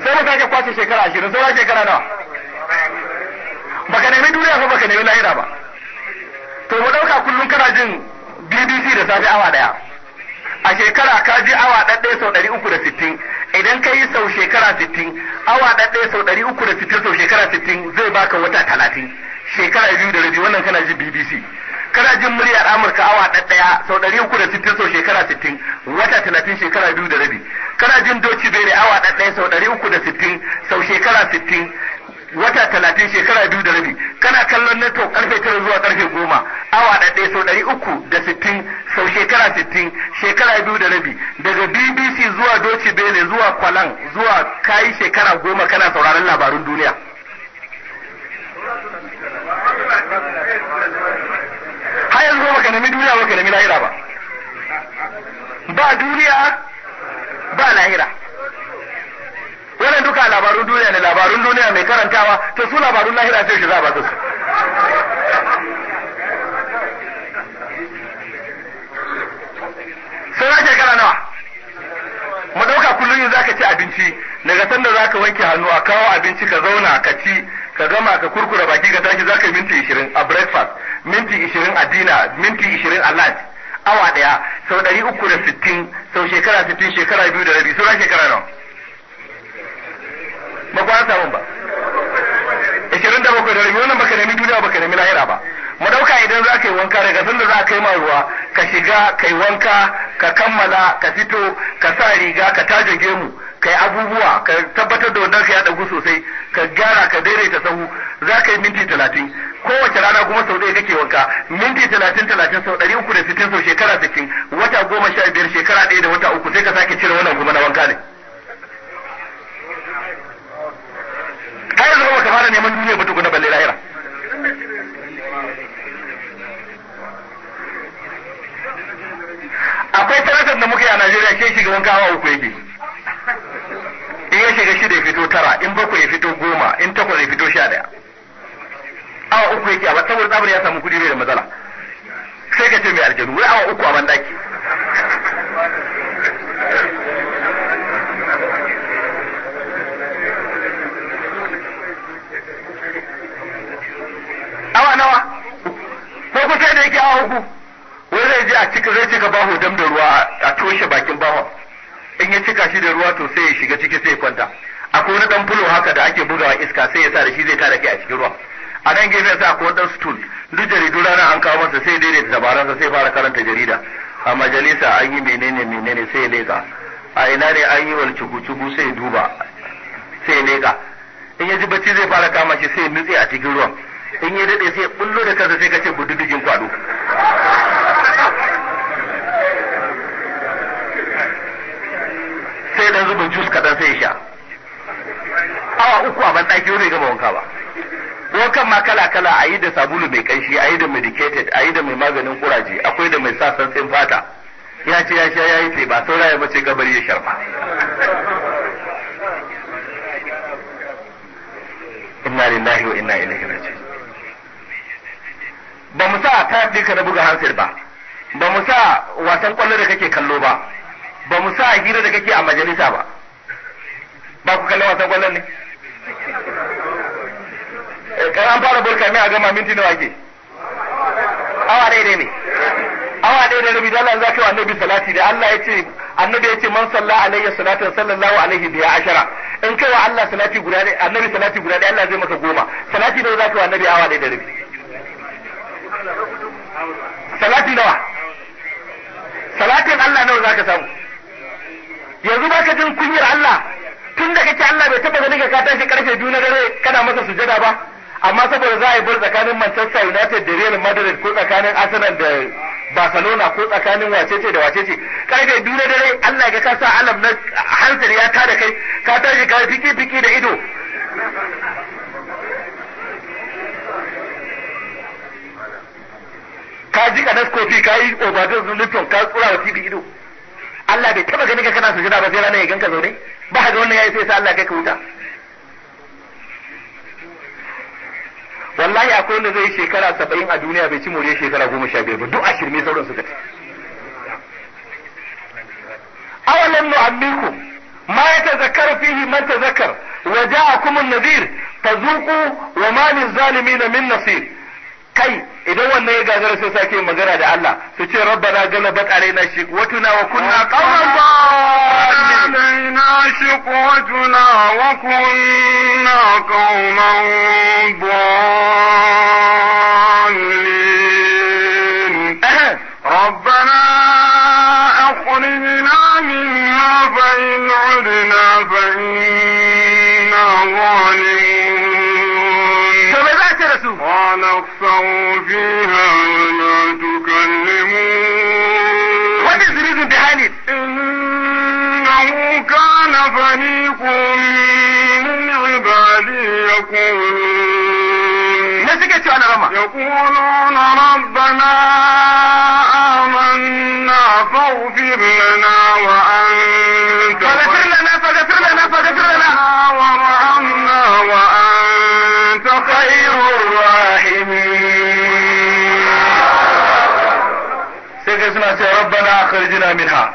sai mu sake kwace shekara 20 sauran shekara nawa baka nemi duniya ba baka nemi lahira ba to mu dauka kullum kana jin BBC da safe awa daya a shekara ka ji awa ɗaɗɗe sau ɗari uku da sittin idan ka yi sau shekara sittin awa ɗaɗɗe sau ɗari uku da sittin sau shekara sittin zai baka wata talatin shekara biyu da rabi wannan kana ji BBC kana jin muryar Amurka awa ɗaɗɗaya sau ɗari uku da sittin sau shekara sittin wata talatin shekara biyu da rabi kana jin doci bere awa ɗaɗɗaya sau ɗari uku da sittin sau shekara sittin wata talatin shekara biyu da rabi kana kallon network karfe tara zuwa karfe goma awa ɗaɗɗe sau ɗari uku da sittin sau shekara sittin shekara biyu da rabi daga bbc zuwa doci bele zuwa kwalan zuwa kayi shekara goma kana sauraron labarun duniya har yanzu baka nemi duniya baka nemi lahira ba ba duniya ba lahira wannan duka labarun duniya ne labarun duniya mai karantawa to su labarun lahira sai shi za ba su sai shekara nawa mu dauka kullum yin zaka ci abinci daga sanda zaka wanke hannu a kawo abinci ka zauna ka ci ka gama ka kurkura baki ka tashi zaka yi minti 20 a breakfast minti 20 a dinner minti 20 a lunch awa daya sau 360 sau shekara 60 shekara biyu da rabi sau shekara nawa ba kwana samun ba ishirin da bakwai da rabi wannan baka nemi duniya baka nemi lahira ba mu dauka idan za ka yi wanka daga sun da za ka yi ma ruwa ka shiga ka yi wanka ka kammala ka fito ka sa riga ka taje gemu ka yi abubuwa ka tabbatar da wannan ka ya dagu sosai ka gyara ka daidaita sahu za ka yi minti talatin kowace rana kuma sau ɗaya kake wanka minti talatin talatin sau ɗari uku da sittin sau shekara sittin wata goma sha biyar shekara ɗaya da wata uku sai ka sake cire wannan kuma na wanka ne. kai yanzu ba ka fara neman duniya ba tukuna balle lahira akwai talatar da muka yi a Najeriya ke shiga wanka hawa uku yake in ya shiga shida ya fito tara in bakwai ya fito goma in takwas ya fito sha daya awa uku yake a saboda tsabar ya samu kudi bai da matsala sai ka ce mai aljanu wai awa uku a bandaki awa nawa ko ku sai da yake awa uku wai zai je a cika zai cika baho dam da ruwa a toshe bakin baho in ya cika shi da ruwa to sai ya shiga ciki sai ya kwanta akwai wani dan fulo haka da ake bugawa iska sai ya sa da shi zai tada ke a cikin ruwa a nan gefe sai akwai dan stool duk jaridu rana an kawo masa sai daidaita dabaransa sai fara karanta jarida a majalisa an yi menene menene sai ya leka a ina ne an yi wani cugu-cugu sai duba sai leka in ya ji bacci zai fara kama shi sai nutse a cikin ruwan in ya daɗe sai bullo da kansa sai ka ce bududugin kwado sai dan zuba jus kaɗan sai ya sha awa uku a ban ɗaki wani gama wanka ba wankan ma kala kala a yi da sabulu mai ƙanshi a yi da medicated a yi da mai maganin kuraje akwai da mai sa santsin fata ya ce ya sha ya yi ba saura ya mace gabar ya sharma inna lillahi wa inna ilaihi raji'un ba mu sa tayar ɗinka na buga hansir ba ba mu sa wasan kwallo da kake kallo ba ba mu sa hira da kake a majalisa ba ba ku kalli wasan kwallon ne eh, kan an fara burka mai a gama minti nawa ke awa daidai ne awa daidai ne da Allah zaka wa annabi salati da Allah ya ce annabi ya ce man salla alayya salatan sallallahu alaihi biya ashara in kai wa Allah salati guda annabi salati guda da Allah zai maka goma salati ne zaka wa annabi awa daidai rabi? salati nawa salatin Allah nawa zaka samu yanzu baka jin kunyar Allah tun da kake Allah bai taba ganin ka tashi karfe biyu na dare kana masa sujada ba amma saboda za a yi bar tsakanin Manchester United da Real Madrid ko tsakanin Arsenal da Barcelona ko tsakanin wacece da wacece karfe biyu na dare Allah ya ka sa alam na hansar ya tada kai ka tashi ka fiki fiki da ido ka ji kanas kofi ka yi obadon zulutun ka tsura wa tibi ido Allah bai taba ganin ka kana jira ba sai ranar ya ganka zaune ba ga wannan yayi sai sai Allah kai ka wuta wallahi akwai wanda zai shekara saba'in a duniya bai ci more shekara goma sha biyar ba duk a shirme sauran suka ci awalan nu'ammikum ma zakar fihi man ta zakar wa ja'akum an-nadhir fazuqu wa ma lil-zalimin min nasir kai idan wannan ya gagara sai sake magana da Allah su ce rabbana galabat alaina shiqwatuna wa kunna qauman alaina shiqwatuna wa kunna qauman dallin rabbana akhrijna minha fa in udna fa inna zalimun ونفسوا فيها ولا تكلمون What is the reason behind it? إنه كان فريق من عبادي يقولون يقولون ربنا آمنا فاغفر لنا وأنت خير akhrijna minha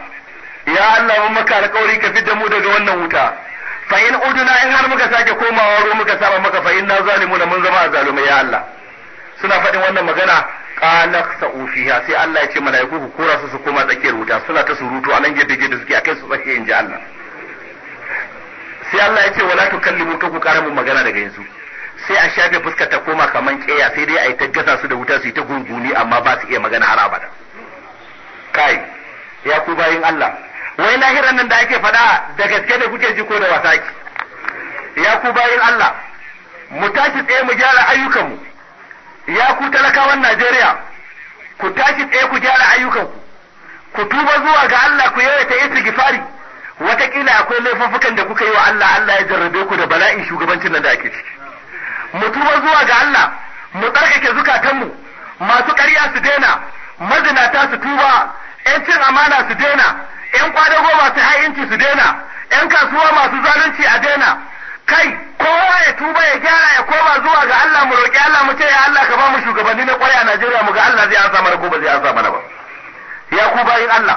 ya Allah mun maka alƙawari ka fidda mu daga wannan wuta fa in uduna in har muka sake komawa ruwa muka saba maka fa inna zalimuna mun zama azalumai ya Allah suna faɗin wannan magana qala sa'u fiha sai Allah ya ce malaiku ku kora su su koma tsakiyar wuta suna ta surutu anan gefe gefe suke akai su tsakiya inji Allah sai Allah ya ce wala tukallimu ka ku kara mun magana daga yanzu sai a shafe fuskar ta koma kaman keya sai dai a yi ta gasa su da wuta su yi ta gunguni amma ba su iya magana har abada kai ya ku bayin Allah wai lahiran nan da ake faɗa da gaske da kuke ji ko da wasa ya ku bayin Allah mu tashi tsaye mu gyara ayyukanmu ya ku talakawan Najeriya ku tashi tsaye ku gyara ayyukanku ku tuba zuwa ga Allah ku yi yawaita istighfari watakila akwai laifafukan da kuka yi wa Allah Allah ya jarrabe ku da bala'in shugabancin nan da ake ciki mu tuba zuwa ga Allah mu tsarkake zukatanmu masu ƙarya su daina mazinata su tuba 'yan cin amana su daina 'yan kwadago masu ha'inci su daina 'yan kasuwa masu zalunci a daina kai kowa ya tuba ya gyara ya koma zuwa ga Allah mu roƙi Allah mu ce ya Allah ka ba mu shugabanni na kwaya a Najeriya mu ga Allah zai ansa mana ko ba zai ansa mana ba ya ku bayin Allah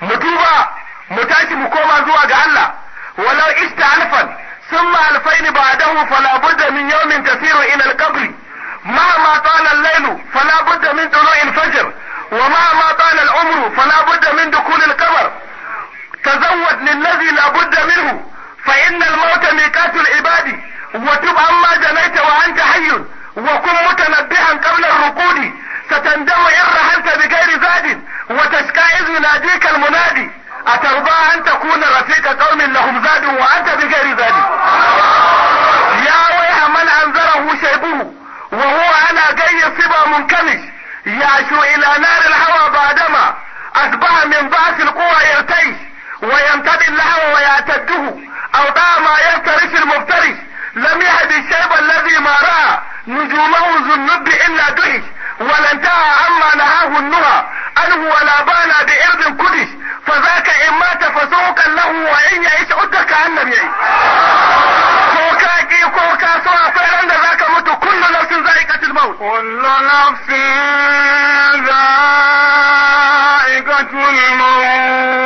mu tuba mu tashi mu koma zuwa ga Allah walau ista alfan sun ni ba ثم الفين بعده فلا بد من يوم تسير alƙabri? ma مهما طال الليل فلا min من in fajar? ومهما ما طال العمر فلا بد من دخول القبر تزود للذي لا بد منه فإن الموت ميقات العباد وتب عما جنيت وأنت حي وكن متنبها قبل الركود ستندم إن رحلت بغير زاد وتشكى إذ يناديك المنادي أترضى أن تكون رفيق قوم لهم زاد وأنت بغير زاد يا ويح من أنذره شيبه وهو على جاي صبا منكمش يعشو الى نار الهوى بعدما اتبع من بعث القوى يرتيش وينتبه اللهو ويعتده او دع ما يفترش المفترش لم يهد الشيب الذي ما رأى نجومه ذو النب الا دهش ولا انتهى عما نهاه النهى انه ولا بانا بارض قدش فذاك ان مات فسوقا له وان يعيش عدك عن نبيعي daji ko kasuwa akwai ran da zaka mutu nafsin maut nafsin maut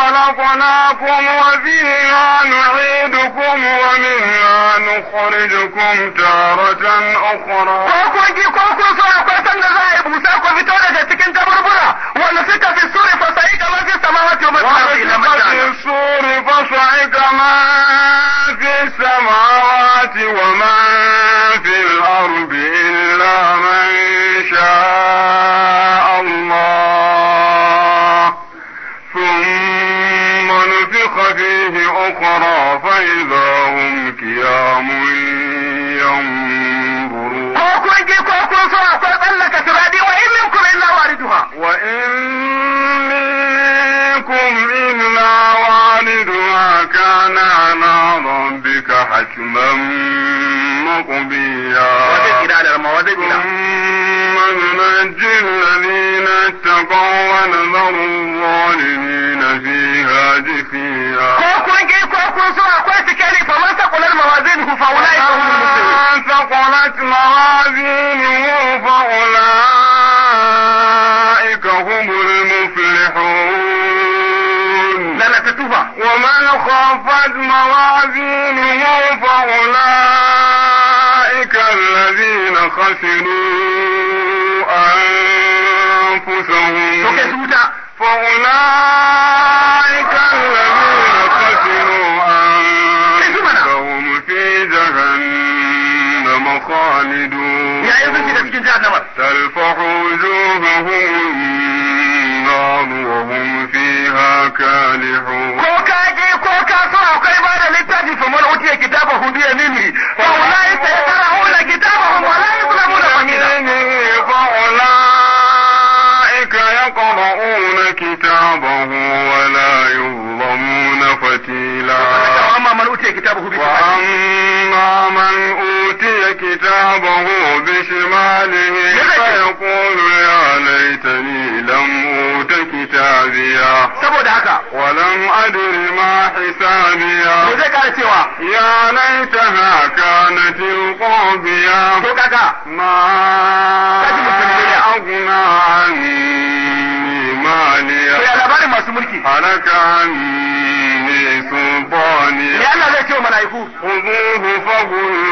خلقناكم وفيها نعيدكم ومنها نخرجكم تارة أخرى ونفق في السور فصعيد ما في السماوات وما في الأرض ونفق في السور فصعيد ما في السماوات ومن في الأرض إلا من شاء ونفخ فيه أخرى فإذا هم قيام ينظرون وإن منكم إلا واردها كان على ربك حتما مقضيا ثم وننجي الذين اتقوا ونذروا الظالمين فيها جثيا فمن ثقلت موازينه فأولئك هم المفلحون ثقلت موازينه فأولئك هم المفلحون لا لا ومن خفت موازينه فأولئك الذين خسروا فأولئك الذين خسروا أنفسهم في جهنم خالدون تلفح وجوههم النار وهم فيها كالحون ko ka je ko ka so akwai ba littafi famar فأما من أوتي كتابه بشماله ماضيا saboda haka ولم أدر ما حسابيا me zai kara cewa يا ليتها كانت القاضية to kaka ما أغنى عني ماليا ya labarin masu mulki halaka anni sultaniya ya Allah zai ce wa mala'iku khuduhu faghullu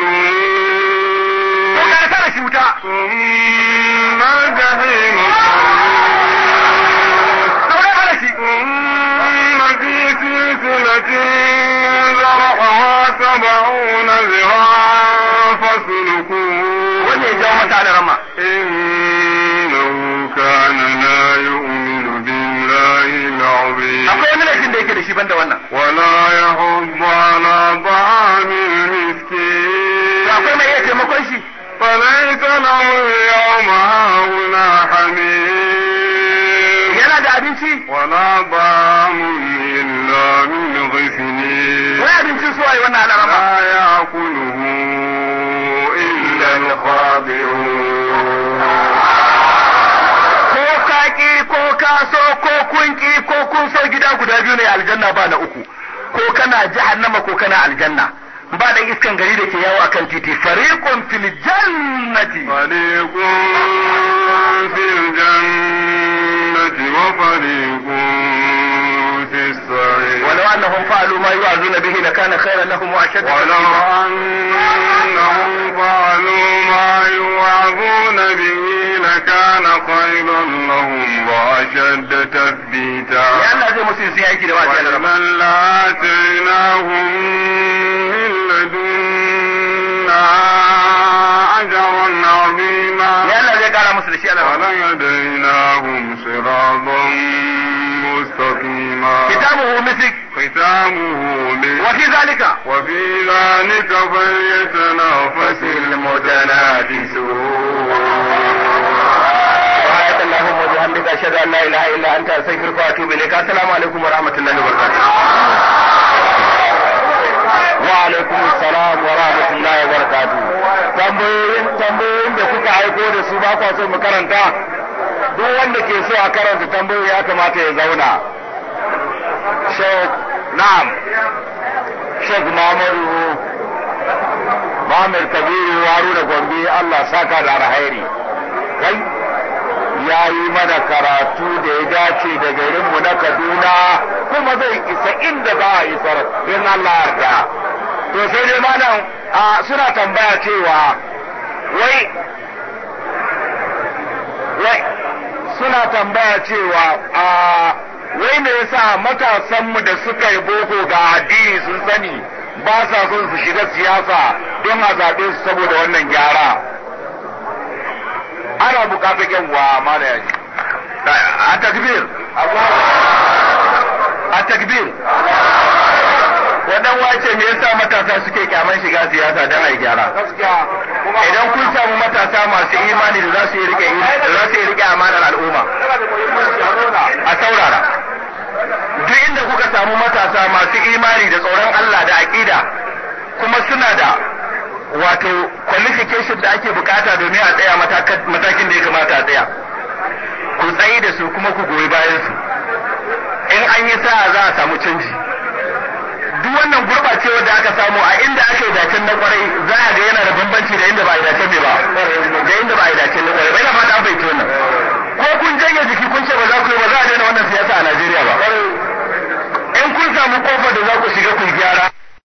banda wannan wala yahuddu ala ta'amil miskin akwai mai iya taimakon shi tana lahu yawma hauna hamim yana da abinci wala ba'amun illa min ghifni wai abincin su ai wannan alama la yakuluhu illa al-khadi'un ko kaki ko kaso ko kun ko so gida guda biyu ne aljanna ba na uku ko kana jahannama ko kana aljanna ba da iskan gari da ke yawo akan titi fariqun fil jannati fariqun fil jannati wa fariqun في السعير ولو أنهم فعلوا ما يوعظون به لكان خيرا لهم وأشد ولو أنهم فعلوا ما يوعظون به لكان خيرا لهم وأشد تثبيتا ولمن لآتيناهم من لدنا أجرا عظيما قال شيئا ولديناهم صراطا وختامه مثلك ختامه مثلك وفي ذلك وفي ذلك فليتنافس المتنافسون سبحانك اللهم وبحمدك أشهد أن لا إله إلا أنت أستغفرك وأتوب إليك السلام عليكم ورحمة الله وبركاته وعليكم السلام ورحمة الله وبركاته tambayoyin tambayoyin da kuka aiko da su ba kwa so duk wanda ke so a karanta tambayoyi ya kamata ya zauna شيخ نعم شيخ مامر مامر كبير وارون gombe الله ساكا da alheri ya yi mana karatu da ya dace da garinmu na kaduna kuma zai isa inda za a isar in Allah yarda to dai malam suna tambaya cewa suna tambaya cewa wai me yasa matasanmu da suka yi boko ga addini sun sani ba sa son su shiga siyasa don a zaɓe su saboda wannan gyara ana bukatar yanwa mala yaji a takbir a takbir wannan wace me yasa matasa suke kyaman shiga siyasa dan a yi gyara idan kun samu matasa masu imani da za su yi rike za su rike amanar al'umma a saurara duk inda kuka samu matasa masu imani da tsoron Allah da aƙida kuma suna da wato qualification da ake bukata domin a tsaya matakin da ya kamata a tsaya ku tsayi da su kuma ku goyi bayan su in an yi sa'a za a samu canji duk wannan gurɓacewar da aka samu a inda aka yi dacen na kwarai za a ga yana da bambanci da inda ba a yi dacen ne ba da inda ba a yi dacen na kwarai ba ina fata bai tona ko kun janye jiki kun ce ba za ku yi ba za a daina wannan siyasa a Najeriya ba in kun samu kofar da za ku shiga ku gyara